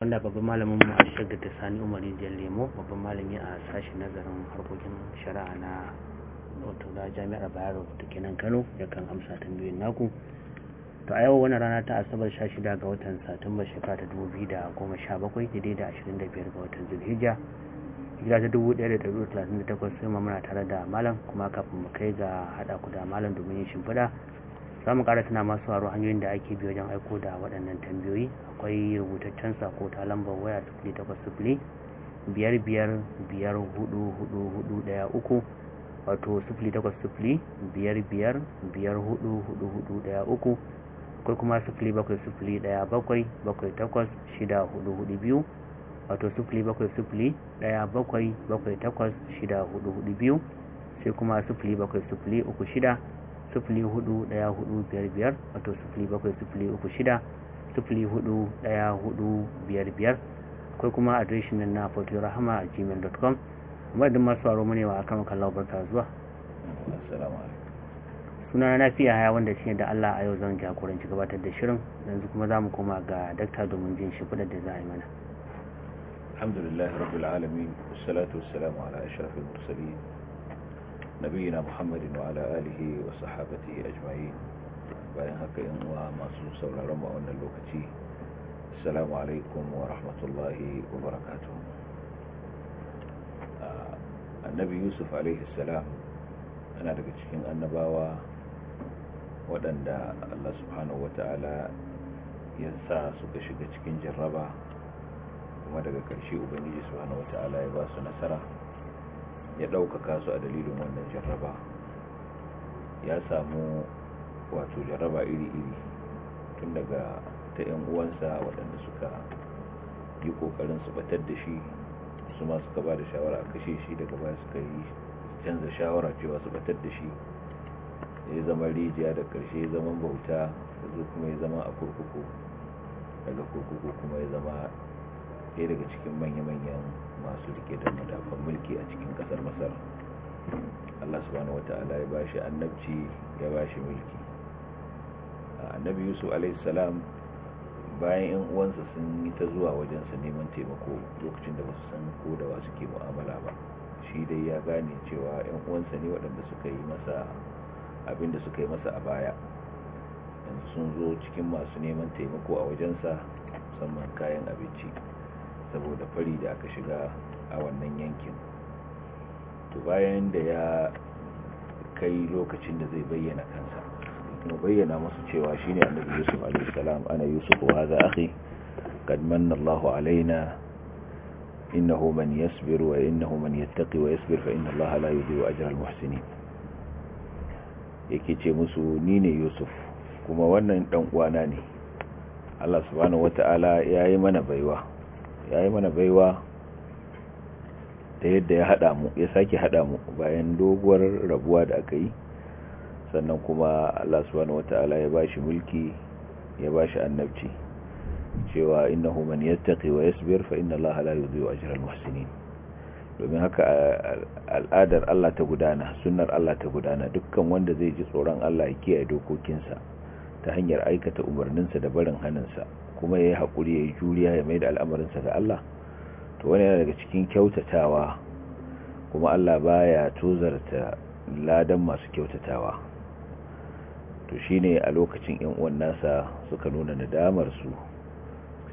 wanda babban malamin mu a shigar da sani umar rijiyar lemo babban malami a sashi nazarin harkokin shari'a na wato na jami'ar bayero da ke nan kano ya kan amsa tambayoyin naku to a yau wani rana ta asabar sha shida ga watan satumba shekara ta dubu biyu da goma sha bakwai daidai da ashirin da biyar ga watan zulhijja hijira ta dubu ɗaya da ɗari uku talatin da takwas sai muna tare da malam kuma kafin mu kai ga haɗa ku da malam domin yin shimfiɗa za mu ƙara tana masu haro hanyoyin da ake bi wajen aiko da waɗannan tambayoyi akwai rubutaccen sako ta lambar waya sufuri takwas sufuri biyar biyar biyar hudu hudu hudu ɗaya uku wato sufuri takwas sufuri biyar biyar biyar hudu hudu hudu ɗaya uku akwai kuma sufuri bakwai sufuri ɗaya bakwai bakwai takwas shida hudu hudu biyu wato sufuri bakwai sufuri ɗaya bakwai bakwai takwas shida hudu hudu biyu sai kuma sufuri bakwai sufuri uku shida sufuli hudu daya hudu biyar biyar wato sufuli bakwai sufuli uku shida sufuli hudu daya hudu biyar biyar akwai kuma adireshin nan na fatu rahma a gmail.com amma idan masu aro mu ne wa aka maka lau barka zuwa suna na fiya haya wanda shi da allah a yau zan jagoranci gabatar da shirin yanzu kuma za mu koma ga dakta domin jin shi da za a yi mana alhamdulillah rabbil alamin wassalatu wassalamu ala ashrafil mursalin نبينا محمد وعلى آله وصحابته أجمعين bayan haka yin uwa masu sauraron mu a wannan lokaci assalamu alaikum wa rahmatullahi wa barakatuh annabi yusuf alaihi salam yana daga cikin annabawa waɗanda allah subhanahu wata'ala ya sa suka shiga cikin jarraba kuma daga ƙarshe ubangiji subhanahu wata'ala ya basu nasara ya ɗaukaka su a dalilin wannan jarraba ya samu wato jarraba iri-iri tun daga ta 'yan uwansa waɗanda suka yi ƙoƙarin su batar da shi su ma suka ba da shawara a kashe shi daga baya suka yi canza shawara cewa su batar da shi ya zama rijiya da ƙarshe ya zama bauta ya zo kuma ya zama a kurkuku daga kurkuku kuma ya zama ɗaya daga cikin manya-manyan masu rike da madafan mulki a cikin kasar masar allah subhanahu wata'ala ya bashi annabci ya bashi mulki annabi yusuf alaihissalam bayan yan uwansa sun yi ta zuwa wajensa neman taimako lokacin da basu san ko da wasu ke mu'amala ba shi dai ya gane cewa yan uwansa ne waɗanda suka yi masa abinda suka yi masa a baya yanzu sun zo cikin masu neman taimako a wajensa musamman kayan abinci saboda fari da aka shiga a wannan yankin to bayan da ya kai lokacin da zai bayyana kansa kuma bayyana musu cewa shine annabi yusuf alayhi salam ana yusuf wa hadha akhi qad manna Allahu alaina innahu man yasbir wa innahu man yattaqi wa yasbir fa inna Allaha la yudhi'u ajra al-muhsinin yake ce musu ni ne yusuf kuma wannan dan uwana ne Allah subhanahu wata'ala yayi mana baiwa ya yi mana baiwa ta yadda ya haɗa mu ya sake haɗa mu bayan doguwar rabuwa da aka yi sannan kuma Allah subhanahu wata'ala ya ba shi mulki ya ba shi annabci cewa innahu ya taƙi wa yasbir fa inna Allah la yudhi'u jiran al ne domin haka al'adar Allah ta gudana sunar Allah ta gudana dukkan wanda zai ji tsoron Allah ya kiyaye dokokinsa ta hanyar aikata umarninsa da barin haninsa kuma ya yi haƙuri ya yi juriya ya mai da al'amarinsa ga Allah to wani yana daga cikin kyautatawa kuma Allah baya tozarta ladan masu kyautatawa to shine a lokacin yan uwan nasa suka nuna nadamar su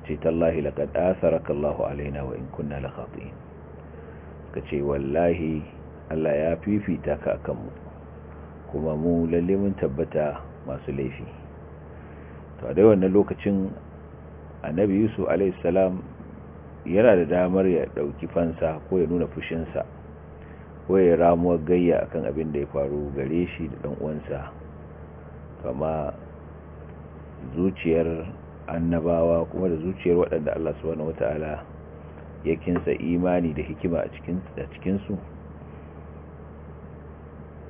ce tallahi laqad atharaka alaina wa in kunna la khati'in ce wallahi Allah ya fifita ka a kanmu, kuma mu lalle mun tabbata masu laifi to a dai wannan lokacin annabi yusuf alaihissalam yana da damar ya dauki fansa ko ya nuna fushinsa ko ya ramuwar gayya akan abin da ya faru gare shi da ɗan uwansa kama zuciyar annabawa kuma da zuciyar waɗanda Allah subhanahu wata'ala ya kinsa imani da hikima a cikinsu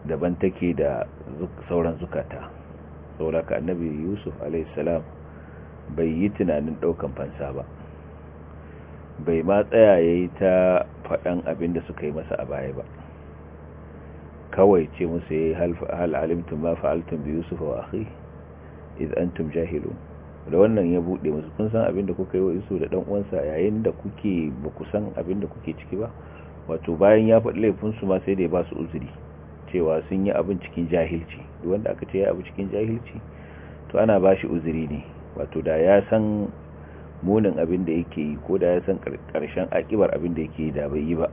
daban take da sauran zukata sauraka annabi yusuf alaihissalam bai yi tunanin ɗaukan fansa ba bai ma tsaya ya yi ta faɗan abin da suka yi masa a baya ba kawai ce musu ya yi hal'alimtun ma fa'altun bi yusuf wa akhi iz tun jahilu? da wannan ya buɗe musu kun san abin da kuka yi wa yusuf da ɗan uwansa yayin da kuke ba ku san abin da kuke ciki ba wato bayan ya faɗi laifinsu ma sai da ya ba su uzuri cewa sun yi abin cikin jahilci wanda aka ce ya abu cikin jahilci to ana ba shi ne wato da ya san munin abin da yake yi ko da ya san karshen akibar abin da yake yi da bai yi ba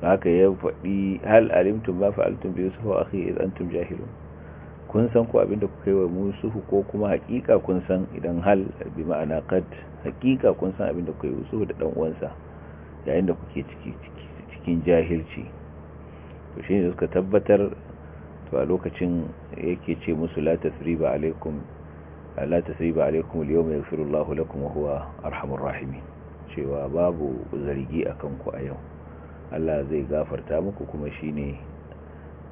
haka ya faɗi hal alimtum ba fa'altum bi yusuf wa akhi idan antum jahilun kun san ko abin da kuka yi wa musuhu ko kuma hakika kun san idan hal bi ma'ana qad hakika kun san abin da kuka yi wa da dan uwansa yayin da kuke ciki cikin jahilci to shine suka tabbatar to a lokacin yake ce musu la tasriba alaikum la tasiba alaikum al-yawma yaghfiru Allahu lakum wa huwa arhamur rahimin cewa babu zargi akan ku a yau Allah zai gafarta muku kuma shine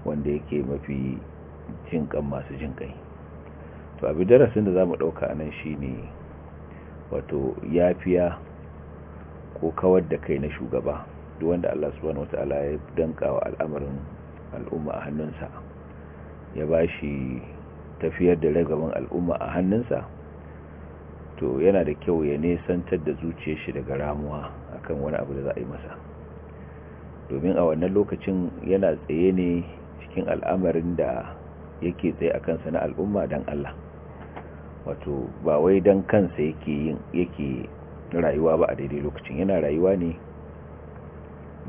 wanda yake mafi jinkan masu kai to abin darasin da zamu dauka anan shine wato yafiya ko kawar da kai na shugaba duk wanda Allah subhanahu wataala ya danka wa al'amarin al'umma a hannunsa ya bashi tafiyar da ragaban al'umma a hannunsa to yana da kyau ya nesantar da zuciyar shi daga ramuwa akan wani abu da za a yi masa domin a wannan lokacin yana tsaye ne cikin al'amarin da yake tsaye a kansa na al'umma don Allah wato ba wai don kansa yake yin yake rayuwa ba a daidai lokacin yana rayuwa ne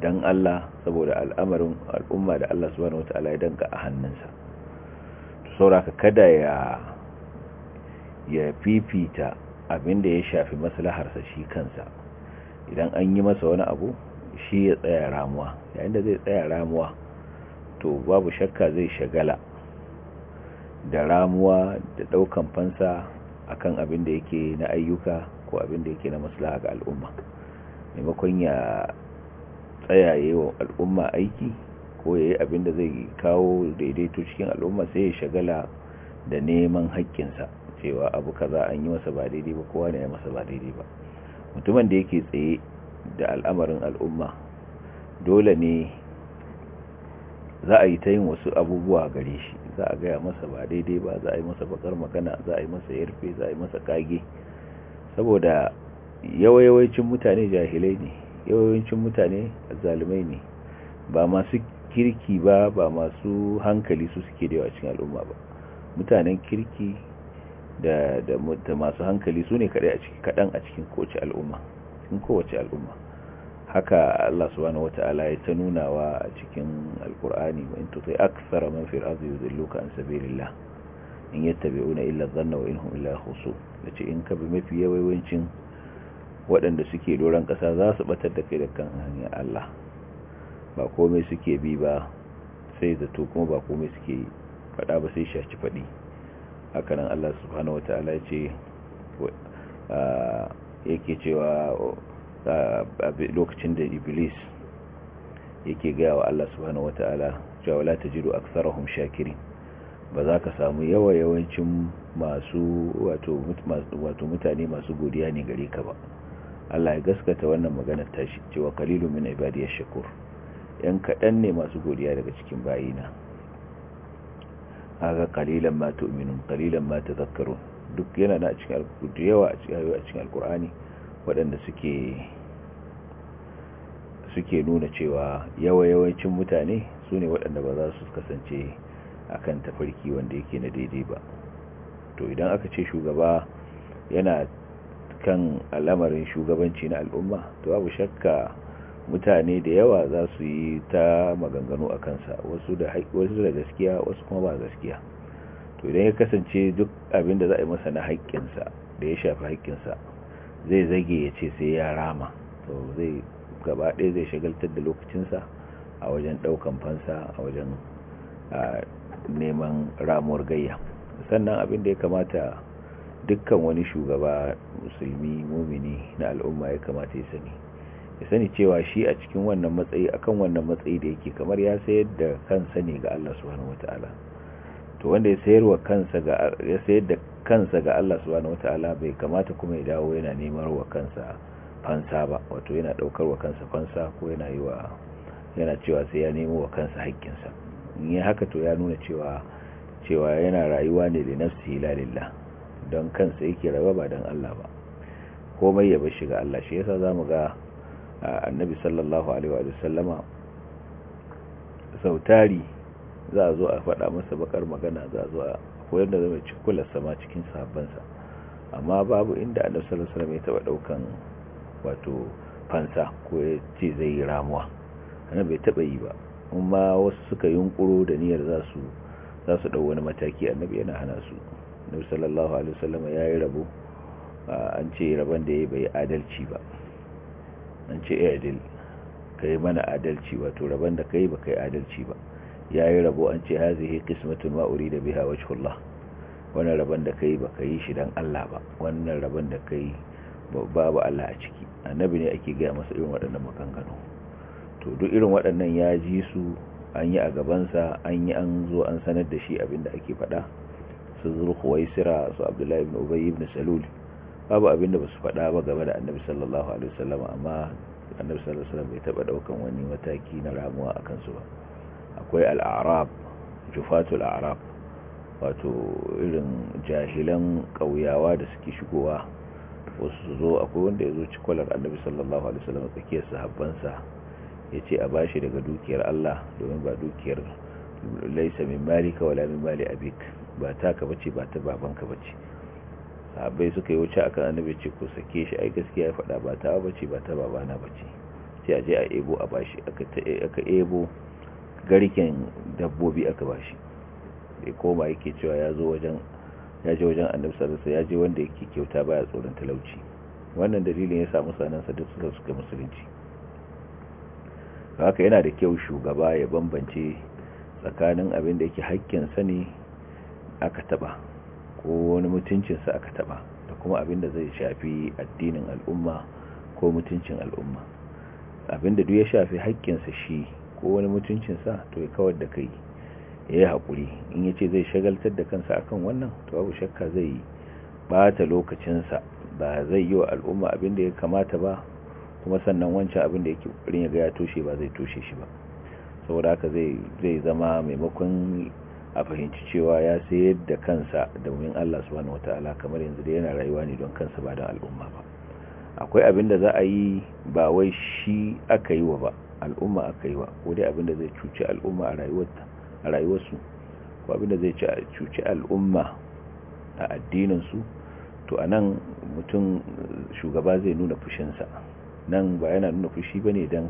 don Allah saboda al'amarin al'umma da Allah subhanahu wataala ya danka a hannunsa sauraka kada ya ya fifita abinda ya shafi maslaharsa shi kansa idan an yi masa wani abu shi ya tsaya ramuwa yayin da zai tsaya ramuwa to babu shakka zai shagala da ramuwa da daukan fansa akan abin da yake na ayyuka ko abin da yake na maslaha ga al'umma maimakon ya tsayaye wa al'umma aiki ko ya yi abin da zai kawo daidaito cikin al'umma sai ya shagala da neman hakkin sa cewa abu kaza an yi masa ba daidai ba kowa ne ya masa ba daidai ba mutumin da yake tsaye da al'amarin al'umma dole ne za a yi ta yin wasu abubuwa gare shi za a gaya masa ba daidai ba za a yi masa bakar magana za a yi masa yarfe za a yi masa kage saboda yawayawancin mutane jahilai ne yawayawancin mutane zalimai ne ba masu kirki ba ba masu hankali su suke da yawa cikin al'umma ba mutanen kirki da da masu hankali su ne kadai a cikin kadan a cikin kowace al'umma cikin kowace al'umma haka Allah subhanahu wataala ya ta nuna wa a cikin al'kur'ani wa in tuti akthara man fil ardi yudilluka an sabilillah in yattabi'una illa dhanna wa inhum illa khusu yace in ka bi mafi yawancin waɗanda suke doron ƙasa za su batar da kai da kan hanyar Allah ba komai suke bi ba sai zato kuma ba komai suke fada ba sai shaci haka hakanan Allah subhanahu wata'ala ya ce yake cewa lokacin da iblis yake gaya wa Allah subhanahu wata'ala cewa la tajidu aktsarahum shakiri ba za ka samu yawa yawancin masu wato mutane masu godiya ne gare ka ba Allah ya gaskata wannan maganar tashi cewa kalilu min ibadiyash shakur yan kaɗan ne masu godiya daga cikin bayina haka kalilan ma tu'minun kalilan ma zakkaru duk yana na cikin alƙur'ani waɗanda suke suke nuna cewa yawa yawancin mutane su ne waɗanda ba za su kasance akan tafarki wanda yake na daidai ba to idan aka ce shugaba yana kan al'amarin shugabanci na al'umma to babu shakka mutane da yawa za su yi ta maganganu a kansa wasu da gaskiya wasu kuma ba gaskiya to idan ya kasance duk abin da za a yi masa na haƙƙinsa da ya shafi haƙƙinsa zai zage ya ce sai ya rama to zai gaba ɗaya zai shagaltar da lokacinsa a wajen ɗaukan fansa a wajen neman ramuwar gayya sannan abin da ya kamata dukkan wani shugaba musulmi mumini na al'umma ya kamata ya sani ya sani cewa shi a cikin wannan matsayi akan wannan matsayi da yake kamar ya sayar da kansa ne ga Allah subhanahu wataala to wanda ya sayar da kansa ga Allah subhanahu wataala bai kamata kuma ya dawo yana neman wa kansa fansa ba wato yana daukar wa kansa fansa ko yana yi wa yana cewa sai ya nemo wa kansa haƙƙinsa in yi haka to ya nuna cewa cewa yana rayuwa ne da nafsi lalillah don kansa yake rayuwa ba don Allah ba komai ya bar shi ga Allah shi yasa zamu ga annabi sallallahu alaihi wa sallama sautari za a zo a faɗa masa bakar magana za a zo a koyar da zama cikular sama cikin sahabbansa amma babu inda annabi sallallahu alaihi wasallam ya taba daukan wato fansa ko ya ce zai yi ramuwa annabi bai taba yi ba amma wasu suka yunkuro da niyyar za su za su dau wani mataki annabi yana hana su annabi sallallahu alaihi wasallam ya yi rabo an ce rabon da ya bai adalci ba an ce eh, ka kai mana adalci wato rabon da kai ba kai adalci ba ya yi rabo an ce hazihi qismatun da urida biha wajhullah wannan rabon da kai ba kai shi dan Allah ba wannan rabon da kai babu Allah a ciki annabi ne ake gaya masa irin waɗannan maganganu to duk irin waɗannan ya ji su an yi a gabansa an yi an zo an sanar da shi abin da ake faɗa su zurkuwai sira su abdullahi ibn ubayy ibn saluli babu abin da ba faɗa ba game da annabi sallallahu alaihi wasallam amma annabi sallallahu alaihi wasallam bai taɓa ɗaukan wani mataki na ramuwa a kansu ba akwai al'arab jufatul arab wato irin jahilan ƙauyawa da suke shigowa wasu su zo akwai wanda ya zo cikwalar annabi sallallahu alaihi wasallam tsakiyar sahabbansa ya ce a bashi daga dukiyar Allah domin ba dukiyar laisa min malika wala min mali abik ba taka bace ba ta babanka bace abai suka yi wuce akan annabi ce ku sake shi ai gaskiya ya faɗa ba ta bace ba ta baba na bace sai a je a ebo a bashi aka aka ebo garken dabbobi aka bashi bai koma yake cewa ya zo wajen ya je wajen annabi sallallahu ya je wanda yake kyauta baya tsoron talauci wannan dalilin ya samu sa duk suka suka musulunci haka yana da kyau shugaba ya bambance tsakanin abin da yake hakkin sa ne aka taba ko wani mutuncinsa aka taba da kuma abin da zai shafi addinin al'umma ko mutuncin al'umma abin da duk ya shafi haƙƙinsa shi ko wani mutuncinsa to ya kawar da kai ya yi haƙuri in ya ce zai shagaltar da kansa akan wannan to abu shakka zai bata lokacinsa ba zai yi wa al'umma abin da ya kamata ba kuma sannan wancan abin da yake ƙoƙarin ya ga ya toshe ba zai toshe shi ba saboda haka zai zama maimakon a fahimci cewa ya sayar da kansa domin Allah subhanahu wataala kamar yanzu da yana rayuwa ne don kansa ba don al'umma ba akwai abin da za a yi ba wai shi aka yi wa ba al'umma aka yi wa ko dai abin da zai cuci al'umma a rayuwarta a rayuwarsu ko abin da zai cuci al'umma a su to anan mutum shugaba zai nuna fushinsa nan ba yana nuna fushi ba ne don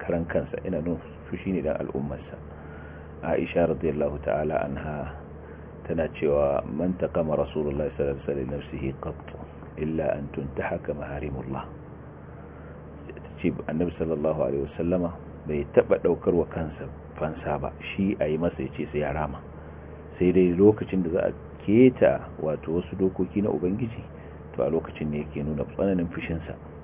karan kansa yana nuna fushi ne don al'ummarsa aisha radiyallahu ta'ala anha tana cewa man kama rasulullahi sallallahu alaihi wasallam nafsihi illa an tuntahaka maharimullah ce annabi sallallahu alaihi wasallama bai taba daukar wa kansa fansa ba shi ayi masa yace sai ya rama sai dai lokacin da za a keta wato wasu dokoki na ubangiji to a lokacin ne yake nuna tsananin fushinsa sa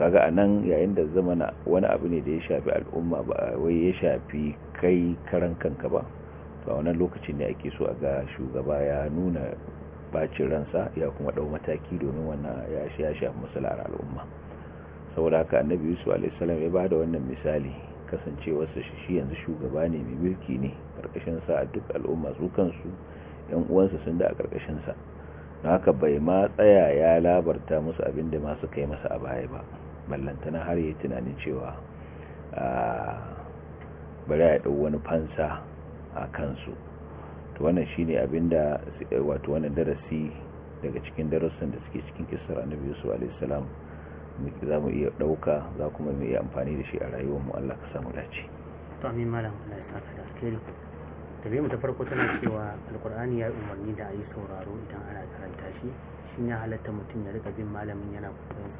kaga anan yayin da zamana wani abu ne da ya shafi al'umma ba wai ya shafi kai karan kanka ba to wannan lokacin ne ake so a ga shugaba ya nuna bacin ransa ya kuma dau mataki domin wannan ya shi ya shafi al'umma saboda haka annabi yusuf alaihi salam ya bada wannan misali kasancewarsa shi yanzu shugaba ne mai mulki ne karkashin sa a duk al'umma su kansu yan uwansa sun da a karkashin sa don haka bai ma tsaya ya labarta musu abin da ma suka masa a baya ba mallantana har yi tunanin cewa bari a ɗau wani fansa a kansu to wannan shi ne shine abinda wato wannan darasi daga cikin darussan da suke cikin kisar annabi yusuf alaihi za mu iya ɗauka za kuma mu iya amfani da shi a rayuwar mu Allah ka samu dace tabi amin malam da mu ta farko tana cewa alkur'ani ya yi umarni da a yi sauraro idan ana karanta shi shi ya halatta mutum ya rika bin malamin yana koyon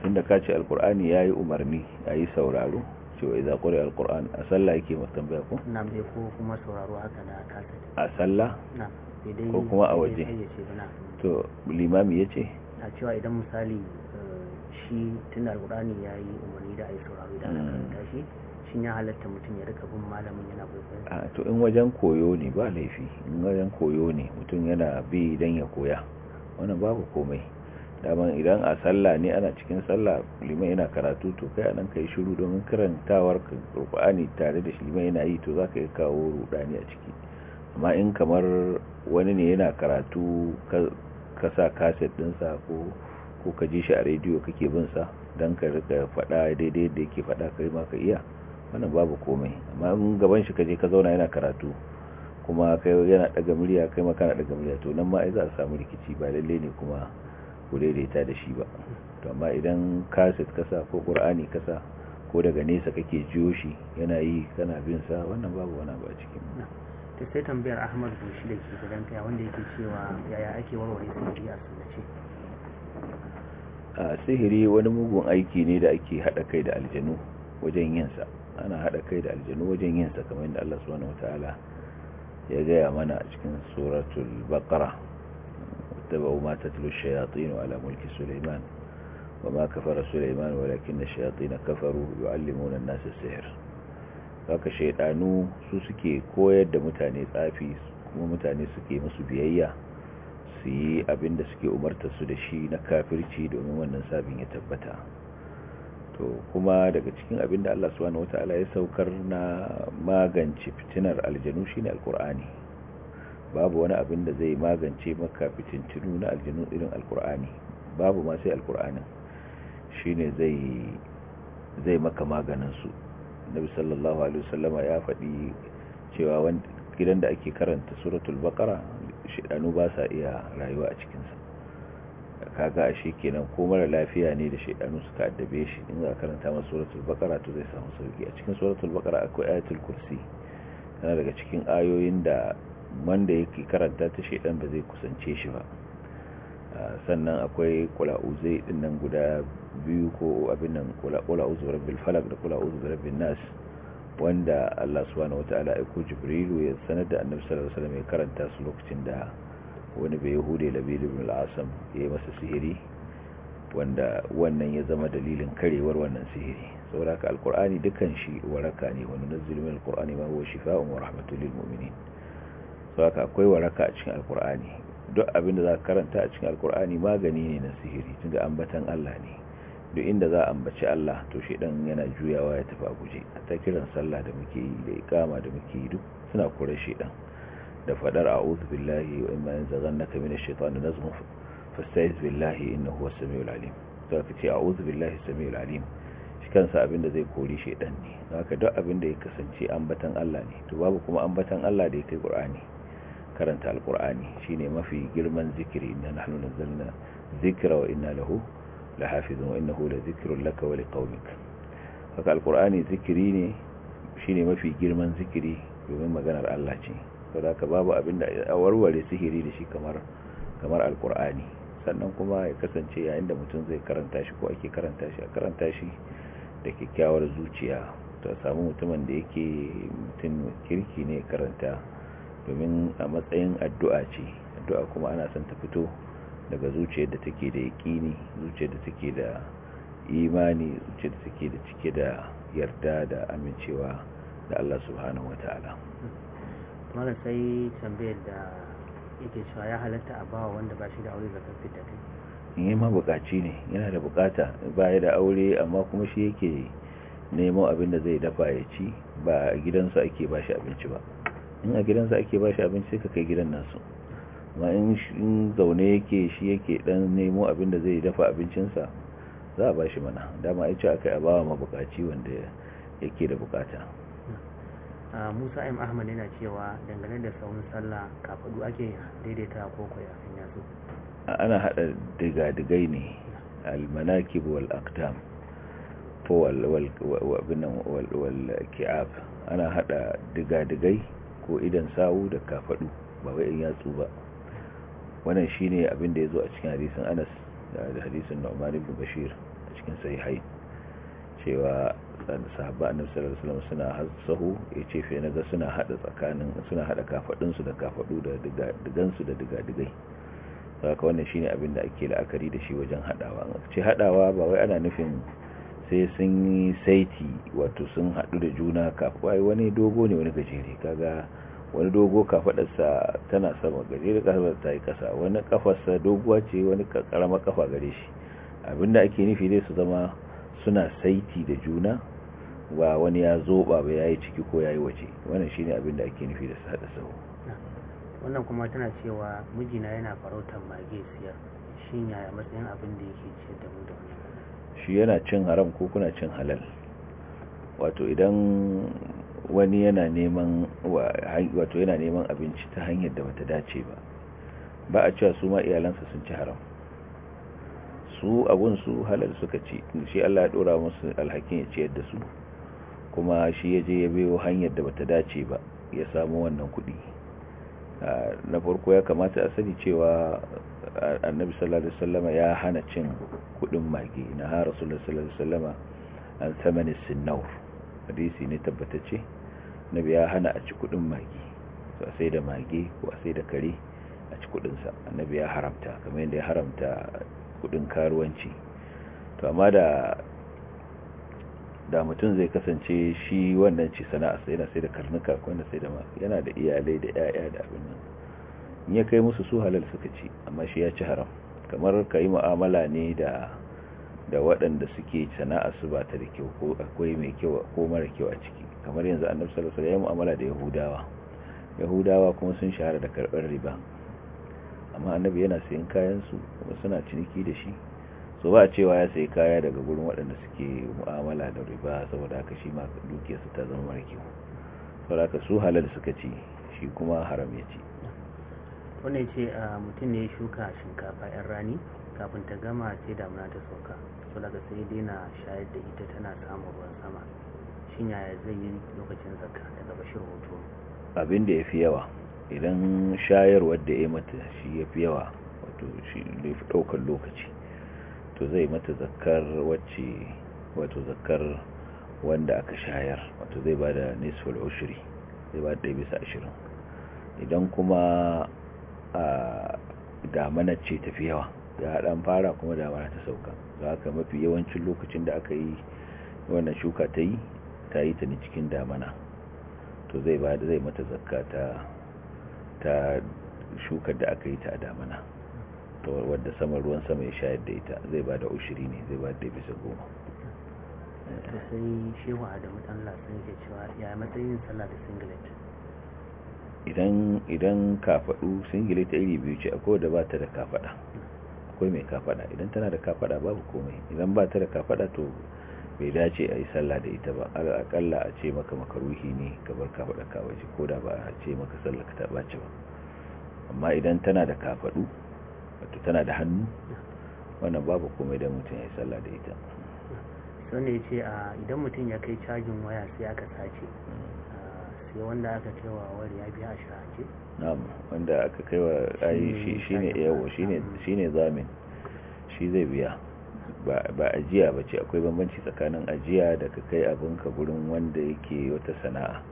tunda ka ce alkur'ani ya yi umarni a yi sauraro cewa idan ƙuri alkur'ani a sallah yake tambaya ko? na bai ko kuma sauraro haka na kasar a sallah ko kuma a waje to limami ya ce? a cewa idan misali eh, shi tun alkur'ani ya yi umarni da a yi sauraro da aka mm. shi ya halatta mutum ya rika bin malamin yana bai a to in wajen koyo ne ba laifi in wajen koyo ne mutum yana bi don ya koya wannan babu komai daman idan a sallah ne ana cikin sallah liman yana karatu to kai anan kai shiru domin karantawar qur'ani tare da shi liman yana yi to zaka yi kawo rudani a ciki amma in kamar wani ne yana karatu ka sa kaset ɗinsa ko ko ka ji shi a rediyo kake bin sa dan ka rika faɗa daidai da yake faɗa kai ma ka iya wannan babu komai amma in gaban shi ka je ka zauna yana karatu kuma kai yana daga murya kai ma kana daga murya to nan ma ai za a samu rikici ba lalle ne kuma ku daidaita da shi ba to amma idan kaset kasa ko qur'ani kasa ko daga nesa kake jiyo shi yana yi kana bin sa wannan babu wani ba cikin ta sai tambayar Ahmad shi da ke gidan ka wanda yake cewa yaya ake warware sihiri a sunnace a sihiri wani mugun aiki ne da ake hada kai da aljanu wajen yin sa ana hada kai da aljanu wajen yin sa kamar yadda Allah subhanahu wataala ya gaya mana a cikin suratul baqara واتبعوا ما تتلو الشياطين على ملك سليمان وما كفر سليمان ولكن الشياطين كفروا يعلمون الناس السحر haka shaidanu su suke koyar da mutane tsafi kuma mutane suke musu biyayya su yi abin da suke umarta su da shi na kafirci domin wannan sabin ya tabbata to kuma daga cikin abin da Allah subhanahu wataala ya saukar na magance fitinar aljanu shine alkur'ani babu wani abin da zai magance maka fitintinu na aljinu irin alkur'ani babu ma sai alkur'anin shine zai zai maka maganin su nabi sallallahu alaihi wasallama ya faɗi cewa gidan da ake karanta suratul baqara shedanu ba sa iya rayuwa a cikin sa kaga ashe kenan ko mara lafiya ne da shedanu suka addabe shi in za karanta masa suratul baqara to zai samu sauki a cikin suratul baqara akwai ayatul kursi yana daga cikin ayoyin da wanda yake karanta ta shaidan ba zai kusance shi ba ah, sannan akwai din nan guda biyu ko abin nan kula'uzu rabbil falak da kula'uzu rabbin nas wanda Allah subhanahu wata'ala ko jibrilu ya sanar da annabi sallallahu alaihi wasallam ya karanta su lokacin da wani bai yahude labid ibn al ya yi masa sihiri wanda wannan ya zama dalilin karewar wannan sihiri saboda ka alqur'ani dukan shi waraka ne wannan na min ma huwa shifa'un wa rahmatul lil mu'minin saka akwai waraka a cikin alkur'ani duk abin da za ka karanta a cikin alkur'ani magani ne na sihiri tun da ambatan Allah ne duk inda za a ambaci Allah to dan yana juyawa ya tafi a guje ta kiran sallah da muke yi da ikama da muke yi duk suna kore dan da fadar a'udhu billahi wa imma yanzaghannaka minash shaitani nazghun fasta'iz billahi innahu huwas samiul alim to ka ce a'udhu billahi samiul alim shi kansa abinda zai kori dan ne haka duk abin da ya kasance ambatan Allah ne to babu kuma ambatan Allah da yake Qur'ani karanta alkur'ani shine mafi girman zikiri inna nahnu nazzalna dhikra wa inna lahu lahafizun wa innahu ladhikrun laka wa liqaumik haka alkur'ani zikiri ne shine mafi girman zikiri domin maganar Allah ce saboda babu abinda a warware sihiri da shi kamar kamar alkur'ani sannan kuma ya kasance yayin da mutum zai karanta shi ko ake karanta shi a karanta shi da kyakkyawar zuciya ta samu mutumin da yake mutum kirki ne karanta domin a matsayin addu'a ce addu'a kuma ana son ta fito daga zuciyar da take da yaƙini zuciyar da take da imani zuciyar da take da cike da yarda da amincewa da Allah subhanahu wa ta'ala mara sai tambayar da yake cewa ya halatta a bawa wanda ba shi da aure zakar fita kai yi eh, ma bukaci ne yana da bukata ya da aure amma kuma shi yake nemo abin da zai dafa ya ci ba gidansu ake ba shi abinci ba in a gidansa ake ba shi abinci sai ka kai gidan nasu ma in zaune yake shi yake dan nemo abin da zai dafa abincinsa za a ba shi mana dama ya ce aka yi abawa mabukaci wanda yake da bukata musa im ahmad yana cewa dangane da sauran sallah kafadu ake daidaita ko koya yaso ana hada diga-digai ne almanakib wal aqdam ko wal wal wal ki'ab ana hada diga-digai ko idan sawu da kafadu ba wai in yatsu ba wannan shine abin da yazo a cikin hadisin Anas da hadisin Nu'man ibn Bashir a cikin sahihai cewa sahaba annabi sallallahu alaihi wasallam suna hasahu yace fa naga suna hada tsakanin suna hada kafadun su da kafadu da digan su da digadigai saboda wannan shine abin da ake la'akari da shi wajen hadawa ce hadawa ba wai ana nufin sai sun yi saiti wato sun haɗu da juna kafa wani dogo ne wani gajere kaga wani dogo sa tana sama gajere kafaɗar ta yi ƙasa wani kafarsa doguwa ce wani ƙarama kafa gare shi abinda ake nufi dai su zama suna saiti da juna ba wani ya zo ba ya yi ciki ko ya yi waje wannan shi ne abinda ake nufi da sada sau. wannan kuma tana cewa mijina yana farautar mage siyar shi yaya matsayin abin da yake ciyar da mu da wani shi yana cin haram ko kuna cin halal wato idan wani yana neman wato yana neman abinci ta hanyar da bata dace ba ba a cewa su ma iyalansa sun ci haram su abun su halal suka ci shi Allah ya dora musu alhakin ya ciyar da su kuma shi ya je ya biyo hanyar da bata dace ba ya samu wannan kuɗi na farko ya kamata a sani cewa annabi sallallahu alaihi wasallama ya hana cin kudin mage na har rasulullah sallallahu alaihi wasallama an thamani sinnaur hadisi ne tabbatacce nabi ya hana a ci kudin mage to sai da mage ko sai da kare a ci kudin sa annabi ya haramta kamar yadda ya haramta kudin karuwanci to amma da da mutum zai kasance shi wannan ci sana'a sai na sai da karnuka ko yana sai da masu yana da iyalai da 'ya'ya da abin nan in ya kai musu su halal suka ci amma shi ya ci haram kamar ka yi mu'amala ne da da waɗanda suke sana'a su ba ta da kyau ko akwai mai kyau ko mara kyau a ciki kamar yanzu annabi sallallahu alaihi wasallam mu'amala da yahudawa yahudawa kuma sun shahara da karɓar riba amma annabi yana sayan kayan su kuma suna ciniki da shi so ba cewa ya sayi kaya daga gurin waɗanda suke mu'amala da riba saboda haka shi ma duke su ta zama marki saboda haka su halal suka ci shi kuma haram ya ci wanda ya ce ah, mutum ne ya shuka shinkafa yan rani kafin ta gama sai damuna ta sauka so daga sai daina shayar da ita tana samun ruwan sama shin yaya zai yi lokacin zakka daga bashir hoto abin da ya fi yawa idan shayarwar da ya mata shi ya fi yawa wato shi ne fi ɗaukar lokaci to zai mata zakar wacce wato zakar wanda aka shayar wato zai ba da nisful ushri zai ba da bisa ashirin idan kuma a damana ce tafi yawa ya dan fara kuma damana ta sauka za ka mafi yawancin lokacin da aka yi wannan shuka ta yi ta yi ta ne cikin damana to zai ba zai mata zakka ta shukar da aka yi ta a damana wadda sama ruwan sama ya shayar da ita zai ba da ushiri ne zai ba da bisa goma sai shewa adamu dan lasun ke cewa ya matsayin sallah da singlet idan idan kafadu singlet iri biyu ce akwai da ba ta da kafada akwai mai kafada idan tana da kafada babu komai idan ba ta da kafada to bai dace a yi sallah da ita ba akalla a ce maka makaruhi ne gabar kafada ka waje ko da ba a ce maka sallah ka ta ba amma idan tana da kafadu wata tana da hannu wannan babu komai da mutum ya yi sallah da ita sannan ne ce ah, idan mutum ya kai cajin waya sai aka sace hmm. ah, sai wanda aka kaiwa wari ya biya a shirace wanda aka kaiwa ayi shi ne yawo hmm. shi ne zamin shi zai biya ba ajiya ba ce akwai bambanci tsakanin ajiya da ka kai abinka gurin wanda yake wata sana'a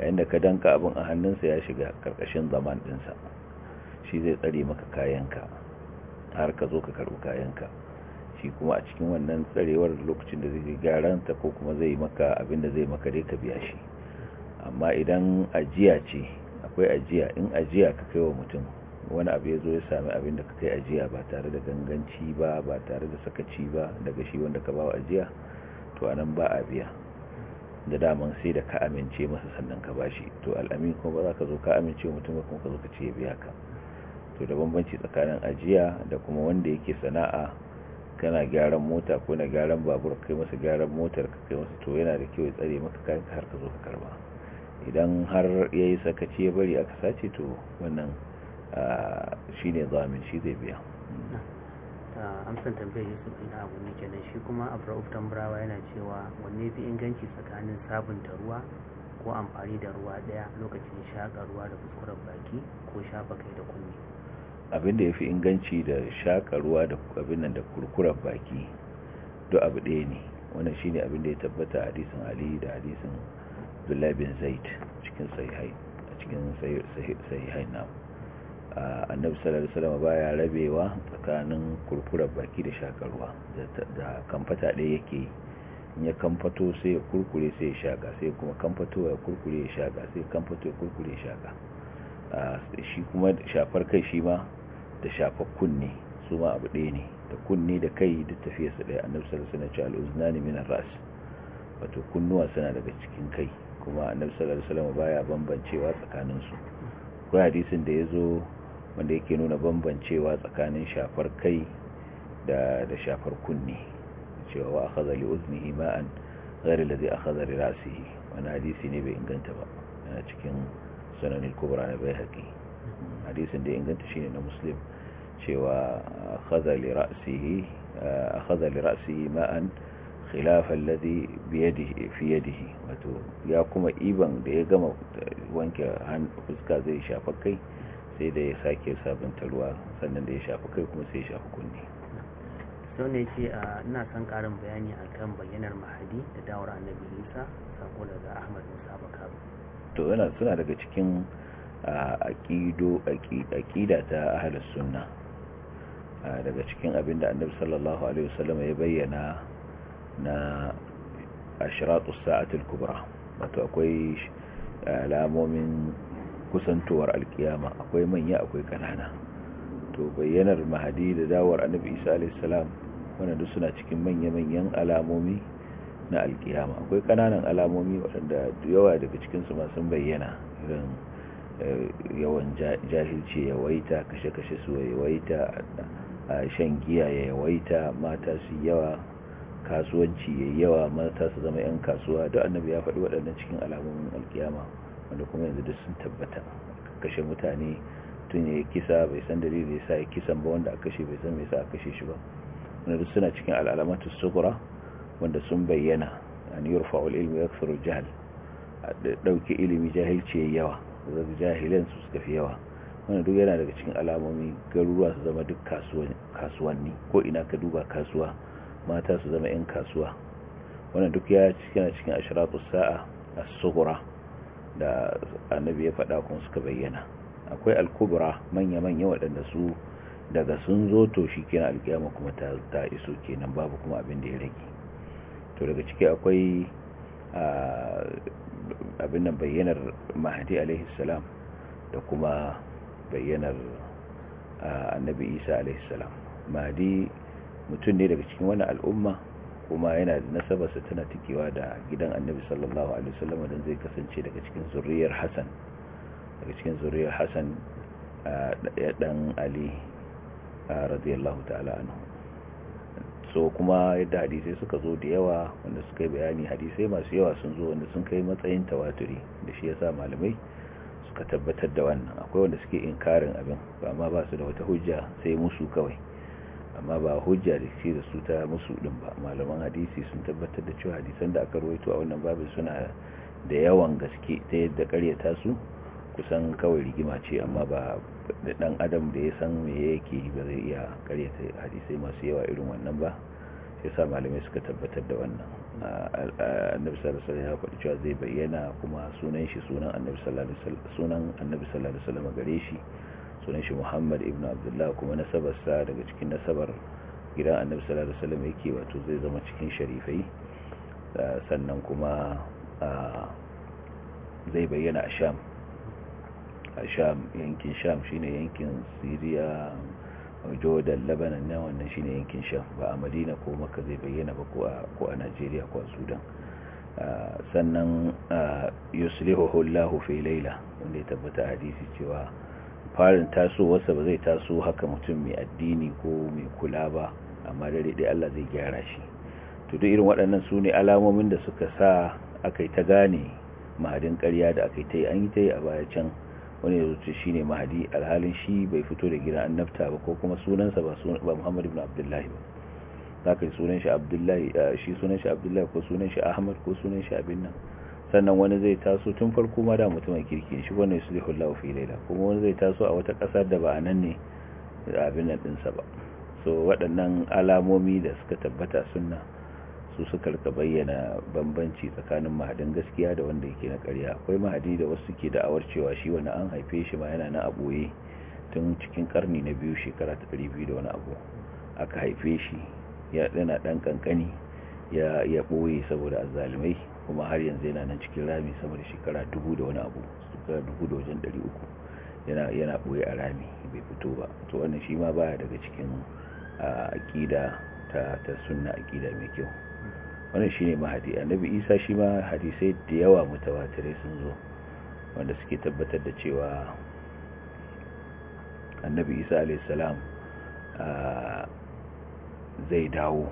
yayin da ka danka abin a hannunsa ya shiga karkashin zaman dinsa shi zai tsare maka kayanka har ka zo ka karɓi kayanka shi kuma a cikin wannan tsarewar lokacin da zai gyaran ta ko kuma zai maka abin da zai maka dai ka biya shi amma idan ajiya ce akwai ajiya in ajiya ka kai wa mutum wani abu ya zo ya sami abin da ka kai ajiya ba tare da ganganci ba ba tare da sakaci ba daga shi wanda ka ba wa ajiya to a nan ba a biya da daman sai da ka amince masa sannan ka ba shi to al'amin kuma ba za ka zo ka amince mutum ba kuma ka zo ka ce ya biya ka to da bambanci tsakanin ajiya da kuma wanda yake sana'a kana gyaran mota ko na gyaran babur kai masa gyaran motar ka kai masa to yana da kyau ya tsare maka kayan ka har ka zo ka karba idan har yayi sakaci ya bari aka sace to wannan shine zamin shi zai biya amsan tambayar yusuf ina abu ne kenan shi kuma abraham tambarawa yana cewa wanne fi inganci tsakanin sabunta ruwa ko amfani da ruwa daya lokacin shaƙa ruwa da fuskurar baki ko shafa kai da kunne abinda ya fi inganci da shakarwa da abin nan da kurkurar baki duk abu ɗaya ne wannan shi ne abinda ya tabbata hadisin ali da hadisin bin zaid cikin sahihai a cikin sahihai na annabi sallallahu alaihi wasallam baya rabewa tsakanin kurkurar baki da shakarwa da kamfata ɗaya yake yi ya kamfato sai ya kurkure sai ya shaƙa sai kuma kamfato ya kurkure ya shaƙa sai kamfato ya kurkure ya shaga shi kuma shafar kai shi ma da shafar kunne su ma abu ɗaya ne da kunne da kai da tafiya su ɗaya annabi sallallahu alaihi wasallam ya ce min ar-ras wato kunnuwa suna daga cikin kai kuma annabi sallallahu alaihi wasallam baya bambancewa tsakanin su ko hadisin da yazo wanda yake nuna bambancewa tsakanin shafar kai da da shafar kunne cewa wa akhadha li uznihi ma'an ghayr alladhi akhadha li ra'sihi wannan hadisi ne bai inganta ba yana cikin sunan al-kubra na bayhaqi hadisin da inganta shine na muslim cewa a li ra'sihi li ma'an khilaf alladhi bi yadihi fi yadihi wato ya kuma iban da ya gama wanke fuska zai shafa kai sai da ya sake sabunta ruwa sannan da ya shafi kai kuma sai ya shafi kunne sau ne ce a ina son karin bayani akan kan bayyanar mahadi da dawar annabi isa sako daga ahmad musa bakar to yana suna daga cikin A aƙida ta ahalar suna daga cikin abin da annabi sallallahu alaihi wasallam ya bayyana na ashiratus sa'atul kubra wato akwai alamomin kusantowar alkiyama akwai manya akwai kanana to bayyanar mahadi da dawar annabi isa alaihi salam wannan duk suna cikin manya-manyan alamomi na alkiyama akwai kananan alamomi waɗanda yawa daga cikinsu masu bayyana irin yawan jahilci ya yawaita kashe-kashe su ya a shan giya ya waita mata su yawa kasuwanci ya yawa mata su zama 'yan kasuwa duk annabi ya faɗi waɗannan cikin alamomin alkiyama wanda kuma yanzu duk sun tabbata kashe mutane tun ya kisa bai san dalili ya sa ya kisan ba wanda a kashe bai san mai sa a kashe shi ba wanda duk suna cikin al'alamatu sukura wanda sun bayyana an yurfa'ul ilmi yakthuru jahl dauke ilimi jahilci yawa zaga jahilin su suka fi yawa wani duk yana daga cikin alamomi garuruwa su zama duk kasuwanni ko ina ka duba kasuwa mata su zama 'yan kasuwa wani duk ya cikin cikin ashiratu sa'a a sughra da annabi ya faɗa kuma suka bayyana akwai al manya-manya waɗanda su daga sun zo to shi kenan alkiyama kuma ta iso kenan babu kuma abin da ya rage to daga ciki akwai abin nan bayyanar mahadi alaihi salam da kuma bayyanar annabi isa alaihi salam mahadi mutum ne daga cikin wani al'umma kuma yana da nasabarsa tana tikewa da gidan annabi sallallahu alaihi wasallam zai kasance daga cikin zuriyar hassan daga cikin zuriyar hasan dan ali radiyallahu ta'ala anhu so kuma yadda hadisai suka zo da yawa wanda suka yi bayani hadisai masu yawa sun zo wanda sun kai matsayin tawaturi da shi yasa malamai suka tabbatar da wannan akwai wanda suke inkarin abin ba ma ba su da wata hujja sai musu kawai amma ba hujja da ke da su ta musu din ba malaman hadisi sun tabbatar da cewa hadisan da aka rawaito a wannan babin suna da yawan gaske ta yadda karyata su kusan kawai rigima ce amma ba da dan adam da ya san me yake ba zai iya karyata hadisai masu yawa irin wannan ba sai sa malamai suka tabbatar da wannan annabi sallallahu alaihi wasallam ya faɗi cewa zai bayyana kuma sunan shi sunan annabi sallallahu alaihi wasallam sunan annabi sallallahu alaihi wasallam gare shi sunan shi Muhammad ibn Abdullah kuma nasabarsa daga cikin nasabar gidan annabi sallallahu alaihi wasallam yake wato zai zama cikin sharifai sannan kuma zai bayyana a Sham sham yankin sham shine yankin siriya jordan labanan na wannan shine yankin sham ba a madina ko maka zai bayyana ba ko a nigeria ko a sudan sannan yuslihu lahu fi laila wanda ya tabbata hadisi cewa farin tasowarsa ba zai taso haka mutum mai addini ko mai kula ba amma dare dai Allah zai gyara shi to duk irin waɗannan su ne alamomin da suka sa aka yi ta gane mahadin ƙarya da aka yi ta yi an yi ta yi a baya can wani ya zuci ne mahadi alhalin shi bai fito da gidan annabta ba ko kuma sunansa ba muhammadu bin abdullahi ba za ka yi sunan shi abdullahi shi sunan shi abdullahi ko sunan shi ahmad ko sunan shi abin nan sannan wani zai taso tun farko ma da mutumin kirki shi wannan sulhu lahu fi laila kuma wani zai taso a wata ƙasa da ba a nan ne abin nan ɗinsa ba so waɗannan alamomi da suka tabbata sunna su suka rika bayyana bambanci tsakanin mahadin gaskiya da wanda yake na karya akwai mahadi da wasu ke da'awar cewa shi wani an haife shi ma yana na aboye tun cikin karni na biyu shekara ta biyu da wani abu aka haife shi ya dana dan kankani ya ya boye saboda azzalumai kuma har yanzu yana nan cikin rami saboda shekara dubu da wani abu shekara dubu da wajen ɗari uku yana yana boye a rami bai fito ba to wannan shi ma baya daga cikin ah, aƙida ta ta sunna aƙida mai kyau wannan shine mahadi annabi isa shi ma hadisai da yawa mutawatirai sun zo wanda suke tabbatar da cewa annabi isa alayhi salam zai dawo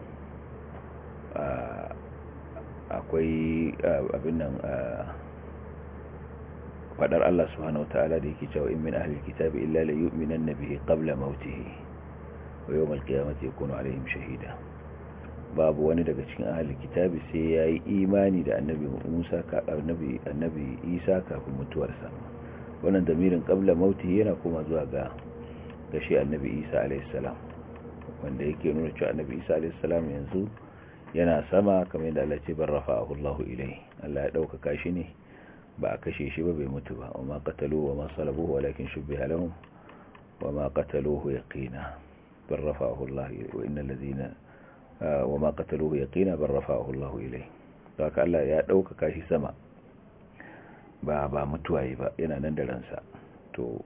akwai abin nan fadar Allah subhanahu wataala da yake cewa in min ahli alkitabi illa la yu'minanna bihi qabla mawtihi wa yawm alqiyamati yakunu alaihim shahida babu wani daga cikin ahalin kitabi sai ya yi imani da annabi musa ka annabi annabi isa kafin mutuwarsa wannan damirin kabla mauti yana kuma zuwa ga ga annabi isa alayhi salam wanda yake nuna cewa annabi isa alayhi salam yanzu yana sama kamar yadda Allah ya ce barrafa'ahu ilayhi Allah ya dauka shi ne ba a kashe shi ba bai mutu ba amma qatalu wa ma salabuhu walakin shubbiha lahum wa ma qataluhu yaqina barrafa'ahu wa innal ladhina wa ma qataluhu yaqina bar rafa'ahu Allahu ilayhi haka Allah ya ɗaukaka kashi sama ba ba mutuwaye ba yana nan da ransa to